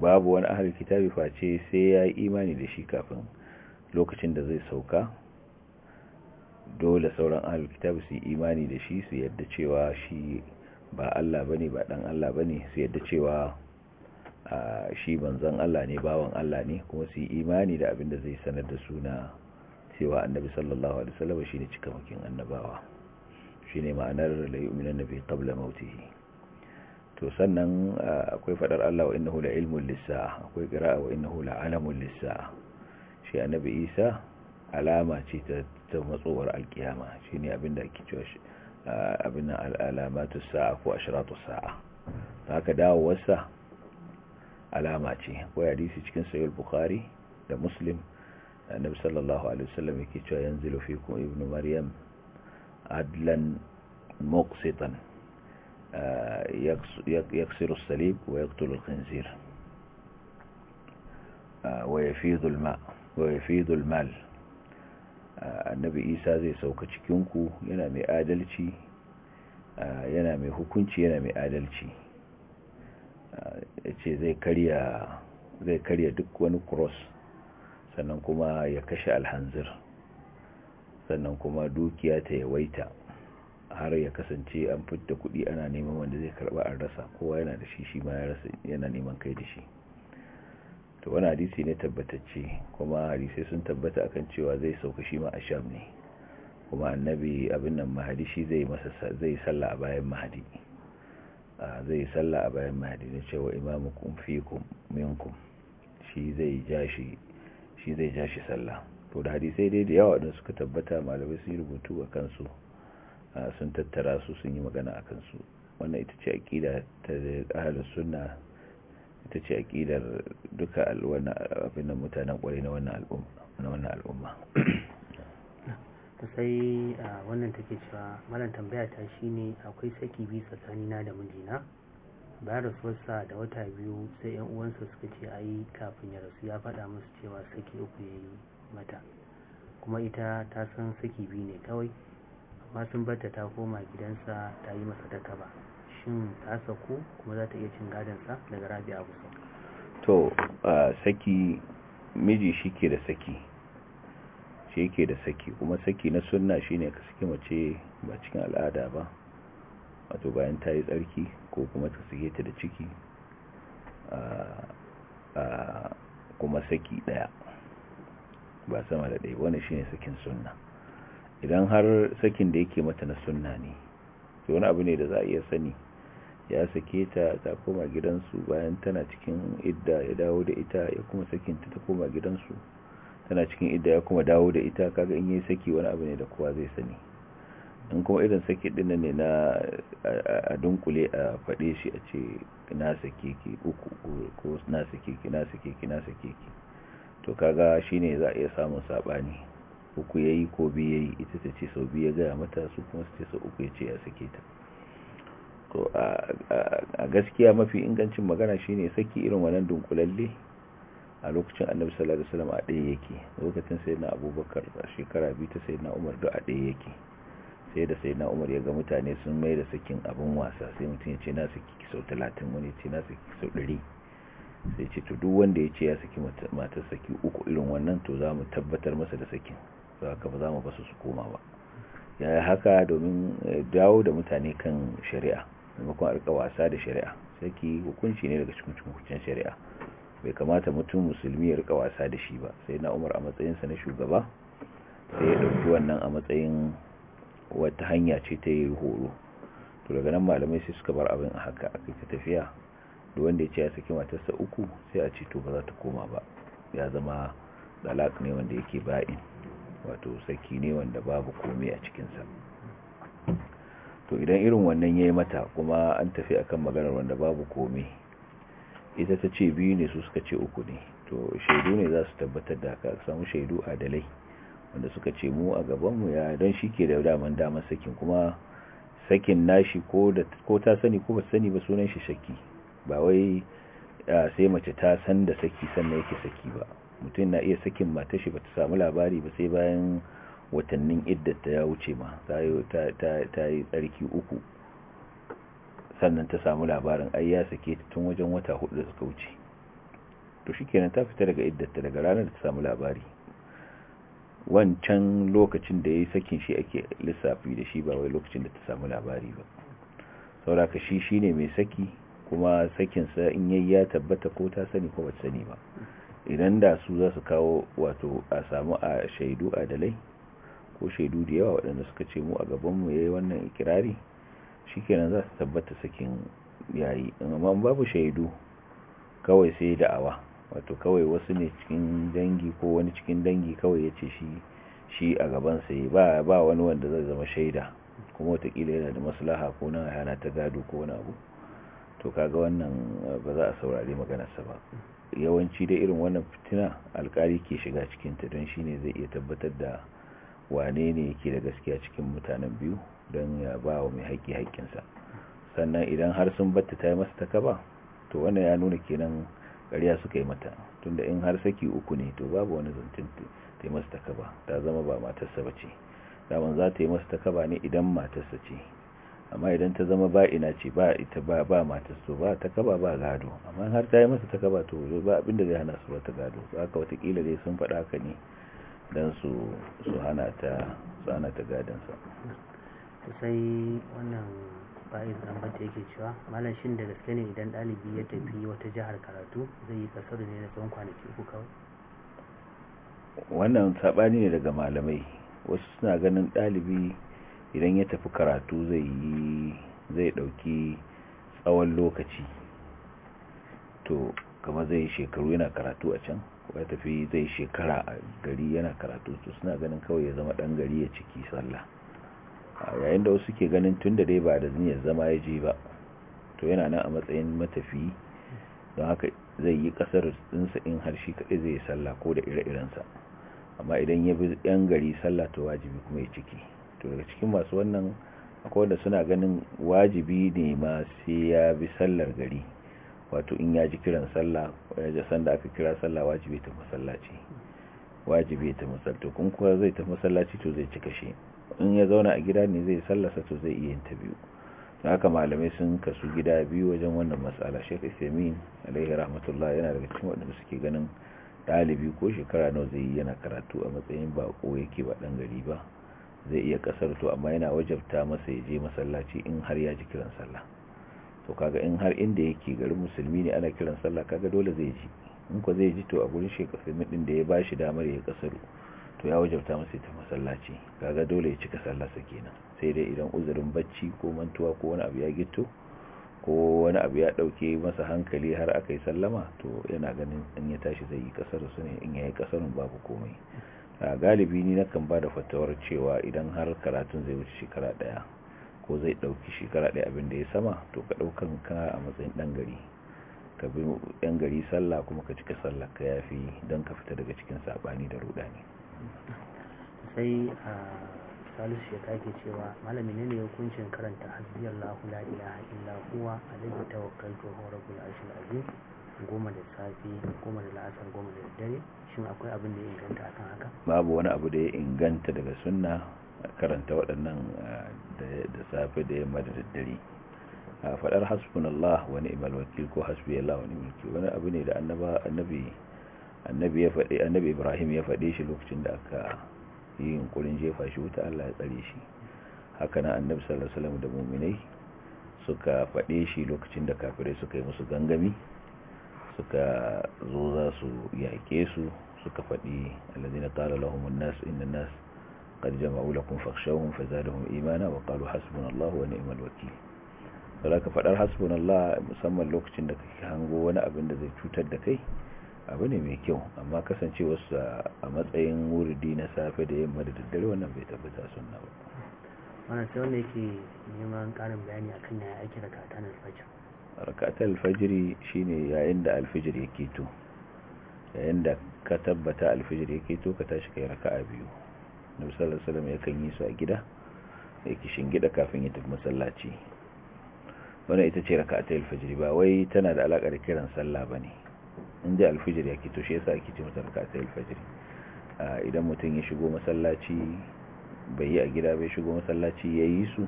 babu wani ahli kitabi face sai ya imani da shi kafin lokacin da zai sauka dole sauran ahli kitabi su imani da shi su yadda cewa shi ba Allah bane ba dan Allah bane su yadda cewa shi manzon Allah ne bawan Allah ne kuma su imani da abin da zai sanar da suna. cewa annabi sallallahu alaihi wasallam shine cikamakin annabawa shine ma'anar la yu'minu nabi qabla mautihi to sannan akwai fadar Allah wa innahu la ilmun lis akwai qira'a wa innahu la alamun lis shi annabi Isa alama ce ta ta matsowar alkiyama shine abinda ake cewa abin alamatu sa'a ko ashratu sa'a haka wasa alama ce akwai hadisi cikin sahih bukhari da muslim annabi sallallahu alaihi wasallam yake cewa lafi kuma Ibn maryam adlan muqsitan يكسر eh, الصليب wa الخنزير ويفيض الماء ويفيض المال annabi isa zai sauka cikinku yana mai adalci eh, yana mai hukunci yana mai adalci eh, ce zai karya duk wani cross sannan kuma ya kashe alhanzir sannan kuma dukiya ta yawaita har ya kasance an fitta kudi ana neman wanda zai karba an rasa kowa yana da shi shi ma yana neman kai da shi to wani hadisi ne tabbatacce kuma hadisai sun tabbata akan cewa zai sauka shi ma a sham ne kuma annabi abin nan mahadi shi zai masa zai salla a bayan mahadi zai salla a bayan mahadi na cewa imamukum fikum minkum shi zai ja shi shi zai ja shi sallah to da hadisai dai da yawa din suka tabbata malamai sun rubutu a kansu sun tattara su sun yi magana a kansu wannan ita ce aqida ta ahlus sunna ita ce aqidar duka alwana abin mutanen kwarai na wannan al'umma na wannan al'umma sai wannan take cewa malam tambaya ta shine akwai saki bi tsakanina da mijina bayan rasuwarsa da wata biyu sai yan uwansa suka ce yi kafin ya rasu ya faɗa musu cewa saki uku ya yi mata kuma ita ta san saki biyu ne kawai amma sun barta ta koma gidansa ta yi masa ta kaba shin ta sako kuma za ta iya cin gadonsa daga rabi abu to saki miji shi ke da saki shi ke da saki kuma saki na sunna shine ka saki mace ba cikin al'ada ba wato bayan ta yi tsarki ko kuma ta sake ta da ciki kuma saki daya ba sama da ɗaya wani shine sakin sunna idan har sakin da yake mata na sunna ne to wani abu ne da za a iya sani ya sake ta ta koma gidansu bayan tana cikin idda ya dawo da ita ya kuma sakinta ta koma gidansu tana cikin idda ya kuma dawo da ita kaga in yi saki wani abu ne da kowa zai sani in kuma irin saki ɗin ne na a dunkule a faɗe shi a ce na sake ki uku ko na sake ki na sake ki na sake ki to kaga shine za a iya samun saɓani uku ya yi ko biyu yi ita ta ce sau biyu ya gaya mata su kuma su ce sau uku ya ce ya sake ta to a gaskiya mafi ingancin magana shine saki irin wannan dunkulalle a lokacin annabi sallallahu alaihi wasallam a ɗaya yake lokacin sayyidina abubakar a shekara biyu ta sayyidina umar duk a ɗaya yake sai da sai na umar ya ga mutane sun mai da sakin abin wasa sai mutum ya ce na saki sau talatin wani ce na saki sau ɗari sai ce to duk wanda ya ce ya saki matar saki uku irin wannan to za mu tabbatar masa da sakin za ka ba za mu basu su koma ba yaya haka domin eh, dawo da mutane kan shari'a maimakon arka wasa da shari'a saki hukunci ne daga cikin cikin shari'a bai kamata mutum musulmi ya rika wasa da shi ba sai na umar a matsayinsa na shugaba sai ya ɗauki wannan a matsayin wata hanya ce ta yi horo to daga nan malamai sai suka bar abin haka a kai tafiya da wanda ya ce ya saki matarsa uku sai a ce to ba za ta koma ba ya zama dalak ne wanda yake ba'in wato saki ne wanda babu komai a cikinsa to idan irin wannan ya yi mata kuma an tafi akan maganar wanda babu komai ita ta ce biyu ne su suka ce uku ne to shaidu ne za su tabbatar da ka samu shaidu adalai wanda suka ce mu a gabanmu ya don shi ke da daman damar sakin kuma sakin nashi ko ta sani ko ba sani ba sunan shi shakki ba wai sai mace ta san da saki sannan yake saki ba mutum na iya sakin mata shi ba ta samu labari ba sai bayan watannin iddata ta ya wuce ma ta yi tsarki uku sannan ta samu labarin ai ya sake ta tun wajen wata hudu da suka wuce to kenan ta fita daga iddata daga ranar da ta samu labari wancan lokacin da ya yi sakin shi ake lissafi da shi ba wai lokacin da ta samu labari ba sauraka shi shi ne mai saki kuma sakinsa in yi ya tabbata ko ta sani ko wata sani ba idan da su za su kawo wato a samu a shaidu a dalai ko shaidu da yawa waɗanda suka ce mu a gabanmu ya yi wannan ikirari shi kenan za su tabbata sakin yayi amma babu shaidu kawai sai da'awa wato kawai wasu ne cikin dangi ko wani cikin dangi kawai ya ce shi shi a gaban sai ba ba wani wanda zai zama shaida kuma watakila yana da maslaha ko nan yana ta gado ko wani abu to kaga wannan eh, ba za a saurari maganarsa ba yawanci da irin wannan fitina alkali ke shiga cikin ta don shine zai iya tabbatar da wane ne yake da gaskiya cikin mutanen biyu don ya ba wa mai haƙƙi haƙƙinsa sannan idan har sun batta ta yi masa takaba to wannan ya nuna kenan ƙarya suka yi mata tunda in har saki uku ne to babu wani zancen ta yi masa takaba ta zama ba matarsa ba ce daman za ta yi masa takaba ne idan matarsa ce amma idan ta zama ba ina ce ba ita ba ba matar ba takaba ba gado amma har ta yi masa takaba to ba abinda zai hana su ba ta gado haka watakila dai sun faɗa ka ne don su hana ta gadon sa fa'iz ambata yake cewa malam shin da gaske ne idan dalibi ya tafi wata jihar karatu zai yi kasar ne na tsawon kwanaki uku kawai wannan sabani ne daga malamai wasu suna ganin dalibi idan ya tafi karatu zai yi zai ɗauki tsawon lokaci to kama zai yi shekaru yana karatu a can ya tafi zai shekara a gari yana karatu to suna ganin kawai ya zama ɗan gari ya ciki sallah yayin da wasu ke ganin tun da dai ba da ya zama ya je ba to yana nan a matsayin matafi don haka zai yi kasar tsinsa in har shi kaɗai zai yi sallah ko da ire-irensa amma idan ya bi yan gari sallah to wajibi kuma ya ciki to daga cikin masu wannan akwai wanda suna ganin wajibi ne ma sai ya bi sallar gari wato in ya ji kiran sallah ya ji sanda aka kira sallah wajibi ta masallaci wajibi ta masallaci kun kuwa zai ta masallaci to zai cika shi in ya zauna a gida ne zai sallasa to zai iya yin ta biyu don haka malamai sun kasu gida biyu wajen wannan matsala shek isamin alaihi rahmatullah yana daga cikin waɗanda suke ganin ɗalibi ko shekara nawa zai yi yana karatu a matsayin bako yake ba ɗan gari ba zai iya kasar to amma yana wajabta masa ya je masallaci in har ya ji kiran sallah to kaga in har inda yake garin musulmi ne ana kiran sallah kaga dole zai ji in ko zai ji to a gurin shek isamin ɗin da ya bashi damar ya kasaru to ya wajabta masa ta masallaci kaga dole ya cika sa kenan sai dai idan uzurin bacci ko mantuwa ko wani abu ya gito ko wani abu ya dauke masa hankali har aka yi sallama to yana ganin in ya tashi zai yi kasar su ne in ya yi kasarun babu komai a galibi ni nakan ba da fatawar cewa idan har karatun zai wuce shekara daya ko zai dauki shekara daya abin da ya sama to ka daukan ka a matsayin dan gari ka bi yan gari sallah kuma ka cika sallah ka yafi don ka fita daga cikin sabani da rudani sai a ah, salisu ya kake cewa malami ne ne hukuncin karanta hasbiyar lahu la ilaha illa huwa alaihi tawakkaltu huwa rabbul arshil azim goma da safe goma da la'asar goma da dare shin akwai abin da ya inganta akan haka babu wani abu da ya inganta daga sunna karanta waɗannan ah, da safe da yamma da daddare a ah, faɗar hasbunallah wani imal wakil ko hasbiyallah wani mulki wani abu ne da annabi annabi ya faɗi annabi ibrahim ya faɗe shi lokacin da aka yi yunkurin jefa shi wuta Allah ya tsare shi haka nan annabi sallallahu alaihi wasallam da mu'minai suka faɗe shi lokacin da kafirai suka yi musu gangami suka zo za su yaƙe su suka faɗi alladhina qala lahum an-nas inna an-nas qad jama'u lakum fakhshawhum fazadahum imana wa qalu hasbunallahu wa ni'mal wakeel saboda ka faɗar hasbunallah musamman lokacin da kake hango wani abin da zai cutar da kai abu ne mai kyau amma kasancewarsu a matsayin wuridi na safe da yamma da daddare wannan bai tabbata sunna ba wannan sai wanda yake neman karin bayani akan yaya ake rakatan alfajir rakatan shi ne yayin da alfajir yake to yayin da ka tabbata alfajir yake to ka tashi kai raka'a biyu nabi sallallahu alaihi wasallam yakan yi su a gida yake gida kafin ya tafi masallaci wannan ita ce rakatan alfajir ba wai tana da alaka da kiran sallah bane in ji alfijir yake to shi yasa ake ce mata rakatul alfijir idan mutum ya shigo masallaci bai yi a gida bai shigo masallaci ya yi su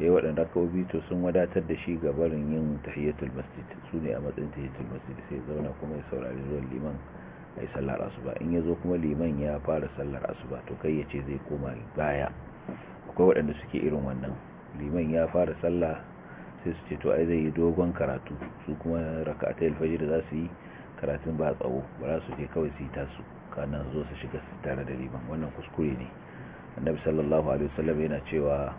ya yi waɗanda bi to sun wadatar da shi barin yin tahiyatul masjid su ne a matsayin tahiyatul masjid sai zauna kuma ya saurari zuwan liman a yi sallar asuba in ya zo kuma liman ya fara sallar asuba to kai ya ce zai koma baya akwai waɗanda suke irin wannan liman ya fara sallah sai su ce to ai zai yi dogon karatu su kuma raka'atai alfajir za su yi karatun ba tsawo ba za su je kawai su yi tasu kanan zo su shiga su tare da liman wannan kuskure ne annabi sallallahu alaihi wasallam yana cewa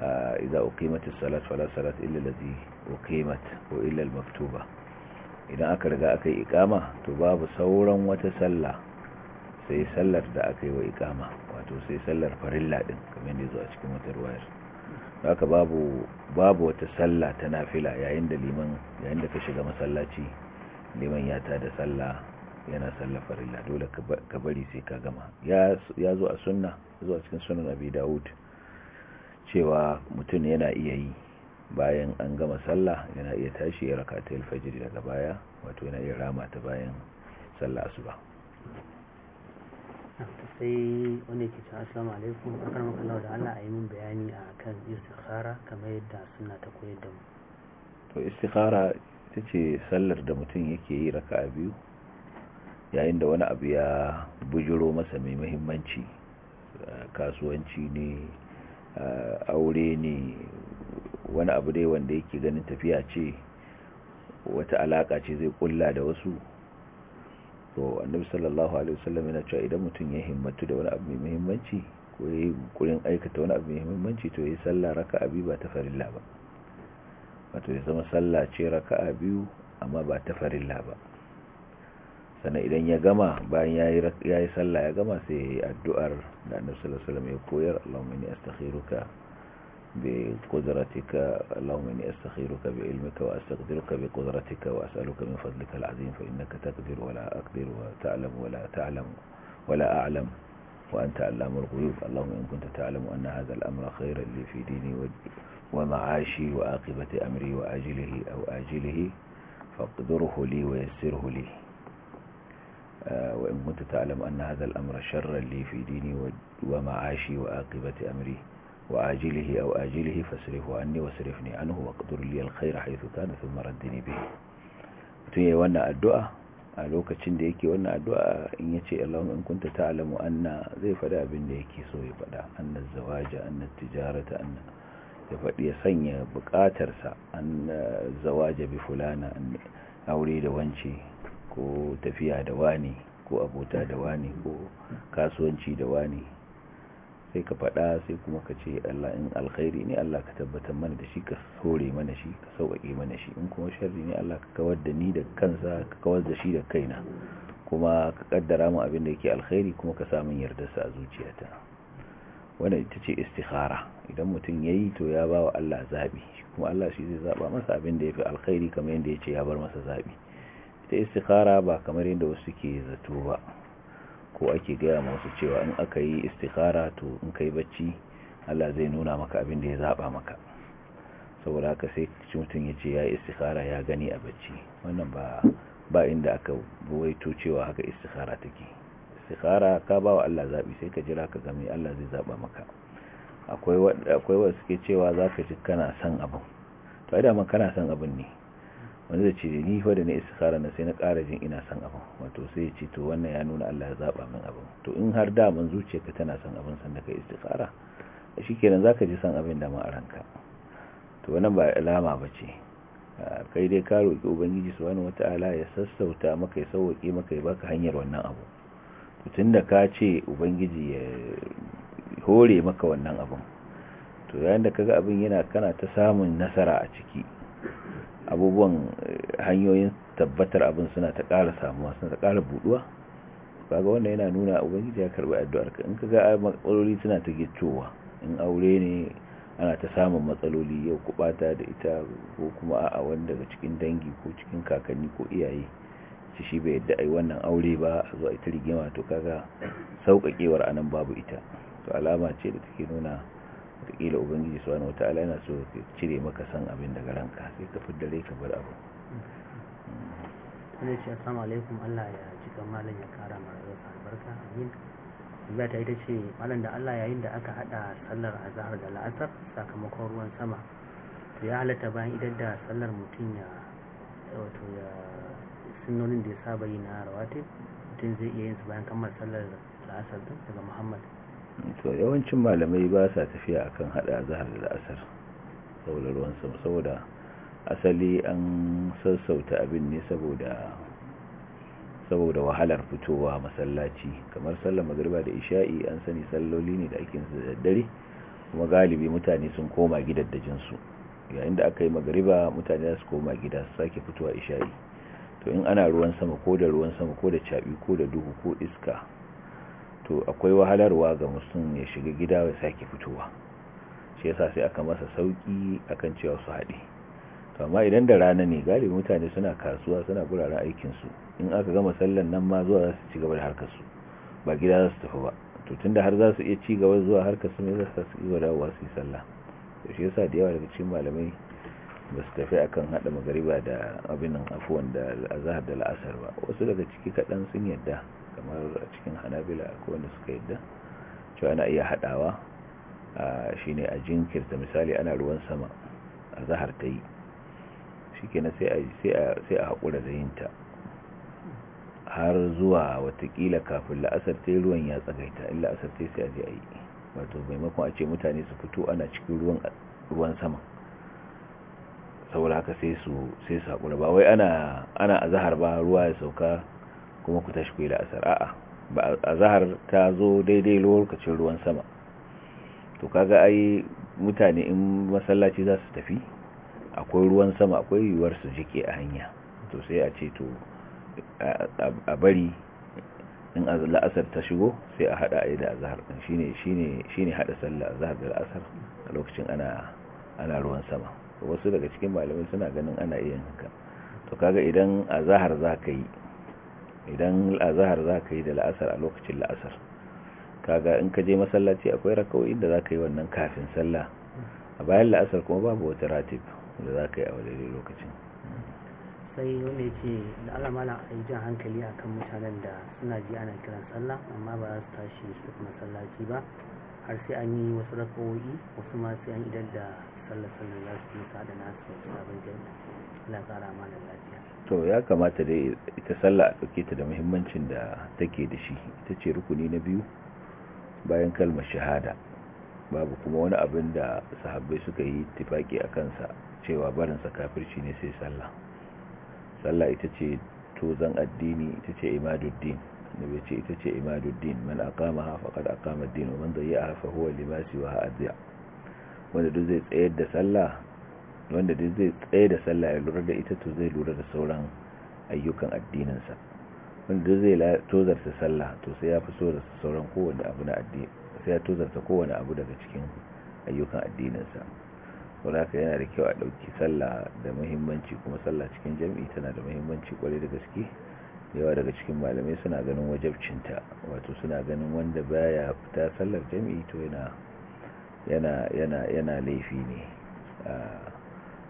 ah, idza uqimatis salat fala salat illa allazi uqimat wa illa al idan aka riga aka yi ikama to babu sauran wata sallah sai sallar da aka yi wa ikama wato sai sallar farilla din kamar da zuwa cikin wata ruwayar haka babu babu wata sallah ta nafila yayin da liman yayin da ka shiga masallaci liman ya ta da sallah yana sallah farilla dole ka bari sai ka gama ya zo a sunna zuwa cikin sunan abi da'ud cewa mutum yana iya yi bayan an gama sallah yana iya tashi ya raka ta alfajiri daga baya wato yana iya rama ta bayan sallah su ba sai wani ke cewa assalamu alaikum akan makallawa da Allah a yi min bayani a kan istikhara kamar yadda suna ta koyar da mu to istikhara ita ce sallar da mutum yake yi raka biyu yayin da wani abu ya bujiro masa mai mahimmanci kasuwanci ne aure ne wani abu dai wanda yake ganin tafiya ce wata alaka ce zai kulla da wasu to annabi sallallahu alaihi wasallam yana cewa idan mutum ya himmatu da wani abu mai muhimmanci ko yayi kurin aikata wani abu mai muhimmanci to yayi sallah raka'a biyu ba ta farilla ba wato ya zama sallah ce raka'a biyu amma ba ta farilla ba sannan idan ya gama bayan ya yi sallah ya gama sai ya yi addu'ar da annabi sallallahu ya koyar Allahumma inni astakhiruka bi qudratika Allahumma inni astakhiruka bi ilmika wa astaqdiruka bi qudratika wa as'aluka min fadlika al'azim fa innaka taqdiru wa la aqdiru wa ta'lamu wa la ta'lamu wa la a'lam wa anta allamul ghuyub Allahumma in kunta ta'lamu anna hadha al-amra khayran li fi dini wa ومعاشي وآقبة أمري وآجله أو آجله فاقدره لي ويسره لي آه، وإن كنت تعلم أن هذا الأمر شرا لي في ديني ومعاشي وآقبة أمري وآجله أو آجله فاصرفه عني وصرفني عنه واقدر لي الخير حيث كان ثم ردني به تي وانا الدعاء a lokacin da yake wannan addu'a in yace Allahumma in kunta ta'lamu anna zai fada abin da yake so ya fada annaz zawaja annat tijarata annat ya faɗi ya sanya buƙatarsa an eh, zawaje bi fulana an aure da wance ko tafiya da wani ko abota da wani ko kasuwanci da wani sai ka faɗa sai kuma ka ce Allah in alkhairi ne Allah ka tabbatar mana da shi ka sore mana shi ka sauƙaƙe mana shi in kuma sharri ne Allah ka kawar da ni da kansa ka kawar da shi da kaina kuma ka kaddara mu abin da yake alkhairi kuma ka samun yardarsa a zuciyata wannan ita ce istikhara idan mutum ya yi to ya ba wa Allah zaɓi kuma Allah shi zai zaɓa masa abin da ya fi alkhairi kamar yadda ya ce ya bar masa zaɓi ita istikhara ba kamar yadda wasu ke zato ba ko ake gaya ma wasu cewa in aka yi istikhara to in kai bacci Allah zai nuna maka abin da ya zaɓa maka saboda haka sai mutum ya ce ya yi istikhara ya gani a bacci wannan ba ba inda aka buwaito cewa haka istikhara take istikhara ka ba wa Allah zaɓi sai ka jira ka game Allah zai zaɓa maka akwai wadda suke cewa za ka ji kana san abin to ai daman kana son abin ne wanda zai ce ni fa da na istikhara na sai na ƙara jin ina san abin wato sai ya ce to wannan ya nuna Allah ya zaba min abin to in har daman ka tana son abin san da kai istikhara shikenan zaka ji san abin da ma a ranka to wannan ba alama bace kai dai ka roki ubangiji su subhanahu wataala ya sassauta maka ya sauke maka ya baka hanyar wannan abu tunda ka ce ubangiji ya hore maka wannan abin to yayin da kaga abin yana kana ta samun nasara a ciki abubuwan eh, hanyoyin tabbatar abin suna ta ƙara samuwa suna ta ƙara buduwa kaga wannan yana nuna ubangiji ya karbi addu'ar ka in kaga matsaloli suna ta giccowa in aure ne ana ta samun matsaloli yau kubata da ita ko kuma a'a wani daga cikin dangi ko cikin kakanni ko iyaye ci shi bai yadda ai wannan aure ba a zuwa ita rigima to kaga sauƙaƙewar anan babu ita to alama ce da take nuna wataƙila ubangiji wani wata ala yana so cire maka san abin daga ranka sai ka fi dare ka bar abu wani ce assalamu alaikum allah ya cika malam ya kara mara albarka amin tambaya ta ita ce malam da allah yayin da aka hada sallar azahar da la'asar sakamakon ruwan sama to ya halatta bayan idan da sallar mutum ya wato ya sunnonin da ya saba yi na rawatin mutum zai iya yin su bayan kammar sallar la'asar din daga muhammad to yawancin malamai ba sa tafiya akan hada zahar da asar saboda ruwan sama saboda asali an sassauta abin ne saboda saboda wahalar fitowa masallaci kamar sallar magriba da isha'i an sani salloli ne da ake su da daddare kuma galibi mutane sun koma su yayin da aka yi magriba mutane za su koma gida su sake fitowa isha'i to in ana ruwan sama ko da ruwan sama ko da cabi ko da duhu ko iska to akwai wahalarwa ga musun ya shiga gida ya sake fitowa shi yasa sai aka masa sauki akan cewa su haɗe to amma idan da rana ne galibi mutane suna kasuwa suna guraren aikin su in aka gama sallan nan ma zuwa za su ci gaba da harkar su ba gida za su tafi ba to tunda har za su iya ci gaba zuwa harkar su ne za su iya dawowa su yi sallah to shi yasa da yawa daga cikin malamai ba su tafi akan hada magariba da abin nan afuwan da azhar da la'asar ba wasu daga ciki kaɗan sun yadda kamar a cikin hanabila akwai wanda suka yadda cewa ana iya haɗawa shi ne a jinkirta misali ana ruwan sama a zahar ta yi shi kenan sai a haƙura da yinta har zuwa watakila kafin la'asar ta yi ruwan ya tsagaita in la'asar ta yi sai a je a yi wato maimakon a ce mutane su fito ana cikin ruwan sama saboda haka sai su haƙura ba wai ana a zahar ba ruwa ya sauka kuma ku tashi ku yi la'asar a'a ba a zahar ta zo daidai lokacin ruwan sama to kaga ai mutane in masallaci za su tafi akwai ruwan sama akwai yiwuwar su jike a hanya to sai a ce to a bari in la'asar ta shigo sai a hada yi da zahar din shine shine shine hada sallah zahar da la'asar a lokacin ana ruwan sama wasu daga cikin malamai suna ganin ana iya yin haka to kaga idan a zahar za ka yi idan azahar za ka yi da la'asar a lokacin la'asar kaga in ka je masallaci akwai raka'o'i da za ka yi wannan kafin sallah a bayan la'asar kuma babu wata ratib da za ka yi a wajen lokacin sai wanda ya ce da alamala a yi jan hankali a kan mutanen da suna ji ana kiran sallah amma ba za su tashi su masallaci ba har sai an yi wasu raka'o'i wasu ma sai an idar da sallah sallah za su yi sa da nasu sabon jan Allah kara da lafiya to ya kamata dai ita sallah a ɗauke ta da muhimmancin da take da shi ita ce rukuni na biyu bayan kalmar shahada babu kuma wani abin da sahabbai suka yi tifaki a kansa cewa barinsa kafirci ne sai sallah sallah ita ce tozan addini ita ce imaduddin nabi ce ita ce imaduddin man aqama ha faqad aqama ad-din wa man dayyaha fa huwa limasi wa ha'adiya wanda duk zai tsayar da sallah wanda dai zai tsaye da sallah ya lura da ita to zai lura da sauran ayyukan addininsa wanda dai zai tozarta sallah to sai ya fi so sauran kowane abu na addini sai ya tozarta kowane abu daga cikin ayyukan addininsa haka yana da kyau a ɗauki sallah da muhimmanci kuma sallah cikin jam'i tana da muhimmanci kwarai da gaske yawa daga cikin malamai suna ganin wajabcinta wato suna ganin wanda baya fita sallar jam'i to yana yana yana yana laifi ne ah,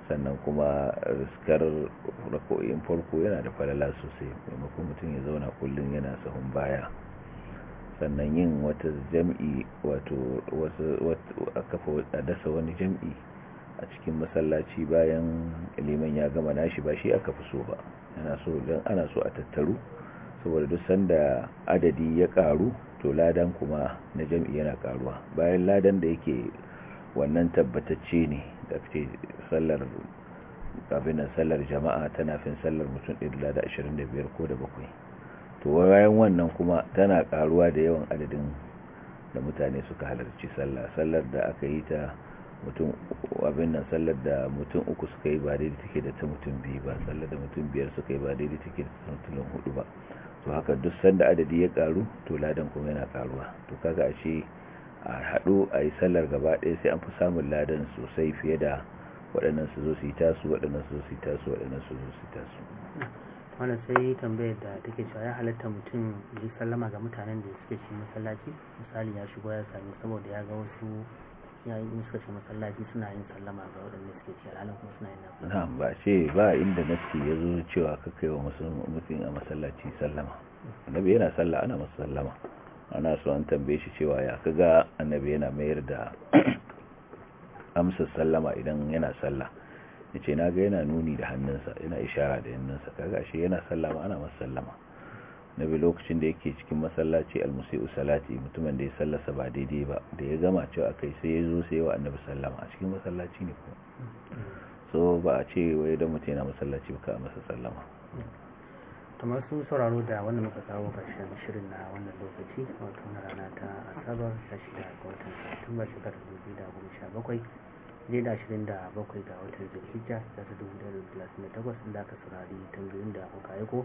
sannan kuma riskar rako'in farko yana da falala sosai maimakon mutum ya zauna kullum yana sahun baya sannan yin wata jam'i wato a dasa wani jam'i a cikin masallaci bayan liman ya gama nashi ba shi aka fi so ba yana so don ana so a tattaru saboda duk sanda adadi ya karu to ladan kuma na jam'i yana karuwa bayan ladan da yake wannan tabbatacce ne da ce sallar abin sallar jama'a tana fin sallar mutum ɗirla da 25 ko da bakwai to wayan wannan kuma tana karuwa da yawan adadin da mutane suka halarci sallah sallar da aka yi ta mutum abin nan sallar da mutum uku suka yi ba daidai take da ta mutum biyu ba sallar da mutum biyar suka yi ba daidai take da ta mutum hudu ba to haka duk sanda adadi ya karu to ladan kuma yana karuwa to kaga ce. a haɗu a yi sallar gaba ɗaya sai an fi samun ladan sosai fiye da waɗannan su zo su yi tasu waɗannan su zo su yi tasu waɗannan su zo su yi tasu wanda sai tambayar da take cewa ya halatta mutum yi sallama ga mutanen da suke cikin masallaci misali ya shigo ya sami saboda ya ga wasu ya yi in suka ci masallaci suna yin sallama ga waɗanda suke ci alhalin kuma suna yin nafi na'am ba ce ba inda nafsi ya zo cewa ka kai wa mutum a masallaci sallama annabi yana sallah ana masallama. sallama ana so an tambaye shi cewa ya kaga annabi yana mayar da amsar sallama idan yana salla yace ce naga yana nuni da hannunsa yana ishara da hannunsa kaga shi yana sallama ana masa sallama nabi lokacin da yake cikin masallaci almusi'u salati mutumin da ya sallasa ba daidai ba da ya gama cewa akai sai ya zo sai wa annabi sallama a cikin masallaci ne ko so ba a ce wai da mutum yana masallaci ba ka masa sallama kamar sun sauraro da wannan muka kawo karshen shirin na wannan lokaci wato na rana ta asabar ta shida ga watan satumba shekarar dubu da goma sha bakwai ne da ashirin da bakwai ga watan zulhijja da ta dubu da talatin da takwas inda aka saurari tambayoyin da aka aiko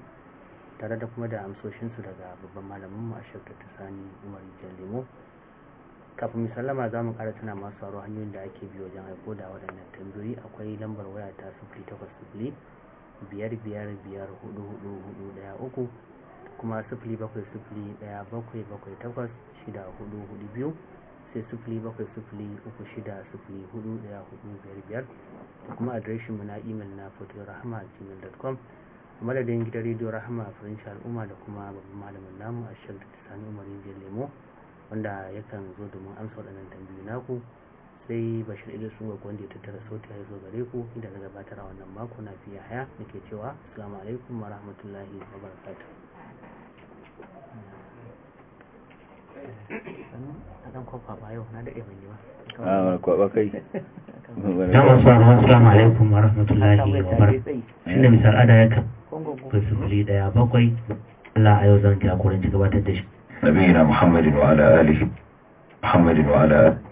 tare da kuma da amsoshinsu daga babban malamin mu a shekar ta sani umar jan lemo kafin mu sallama za mu ƙara tana masu sauro hanyoyin da ake bi wajen aiko da waɗannan tambayoyi akwai lambar waya ta sufuri takwas sufuri biyar biyar biyar hudu hudu hudu daya uku kuma sifili bakwai sifili daya bakwai bakwai takwas shida hudu hudu biyu sai sifili bakwai sifili uku shida sifili hudu daya hudu biyar biyar kuma adireshin mu na imel na fotorahama gmail.com a madadin gidan rediyo rahama furinci al'umma da kuma babban malamin namu a shirin da sani umar lemo wanda yakan zo domin amsa waɗannan tambayi naku sai bashir idris sun wanda ya tattara sauti ya zo gare ku inda na gabatar a wannan mako na fiye haya nake cewa assalamu alaikum wa rahmatullahi wa barakatuh dan na daɗe ban yi ba ah, assalamu alaikum wa rahmatullahi wa barakatuh shi misal ada ya kan fasuli daya bakwai Allah a yau zan jagoranci gabatar da shi nabiyina muhammadin wa ala alihi muhammadin wa ala alihi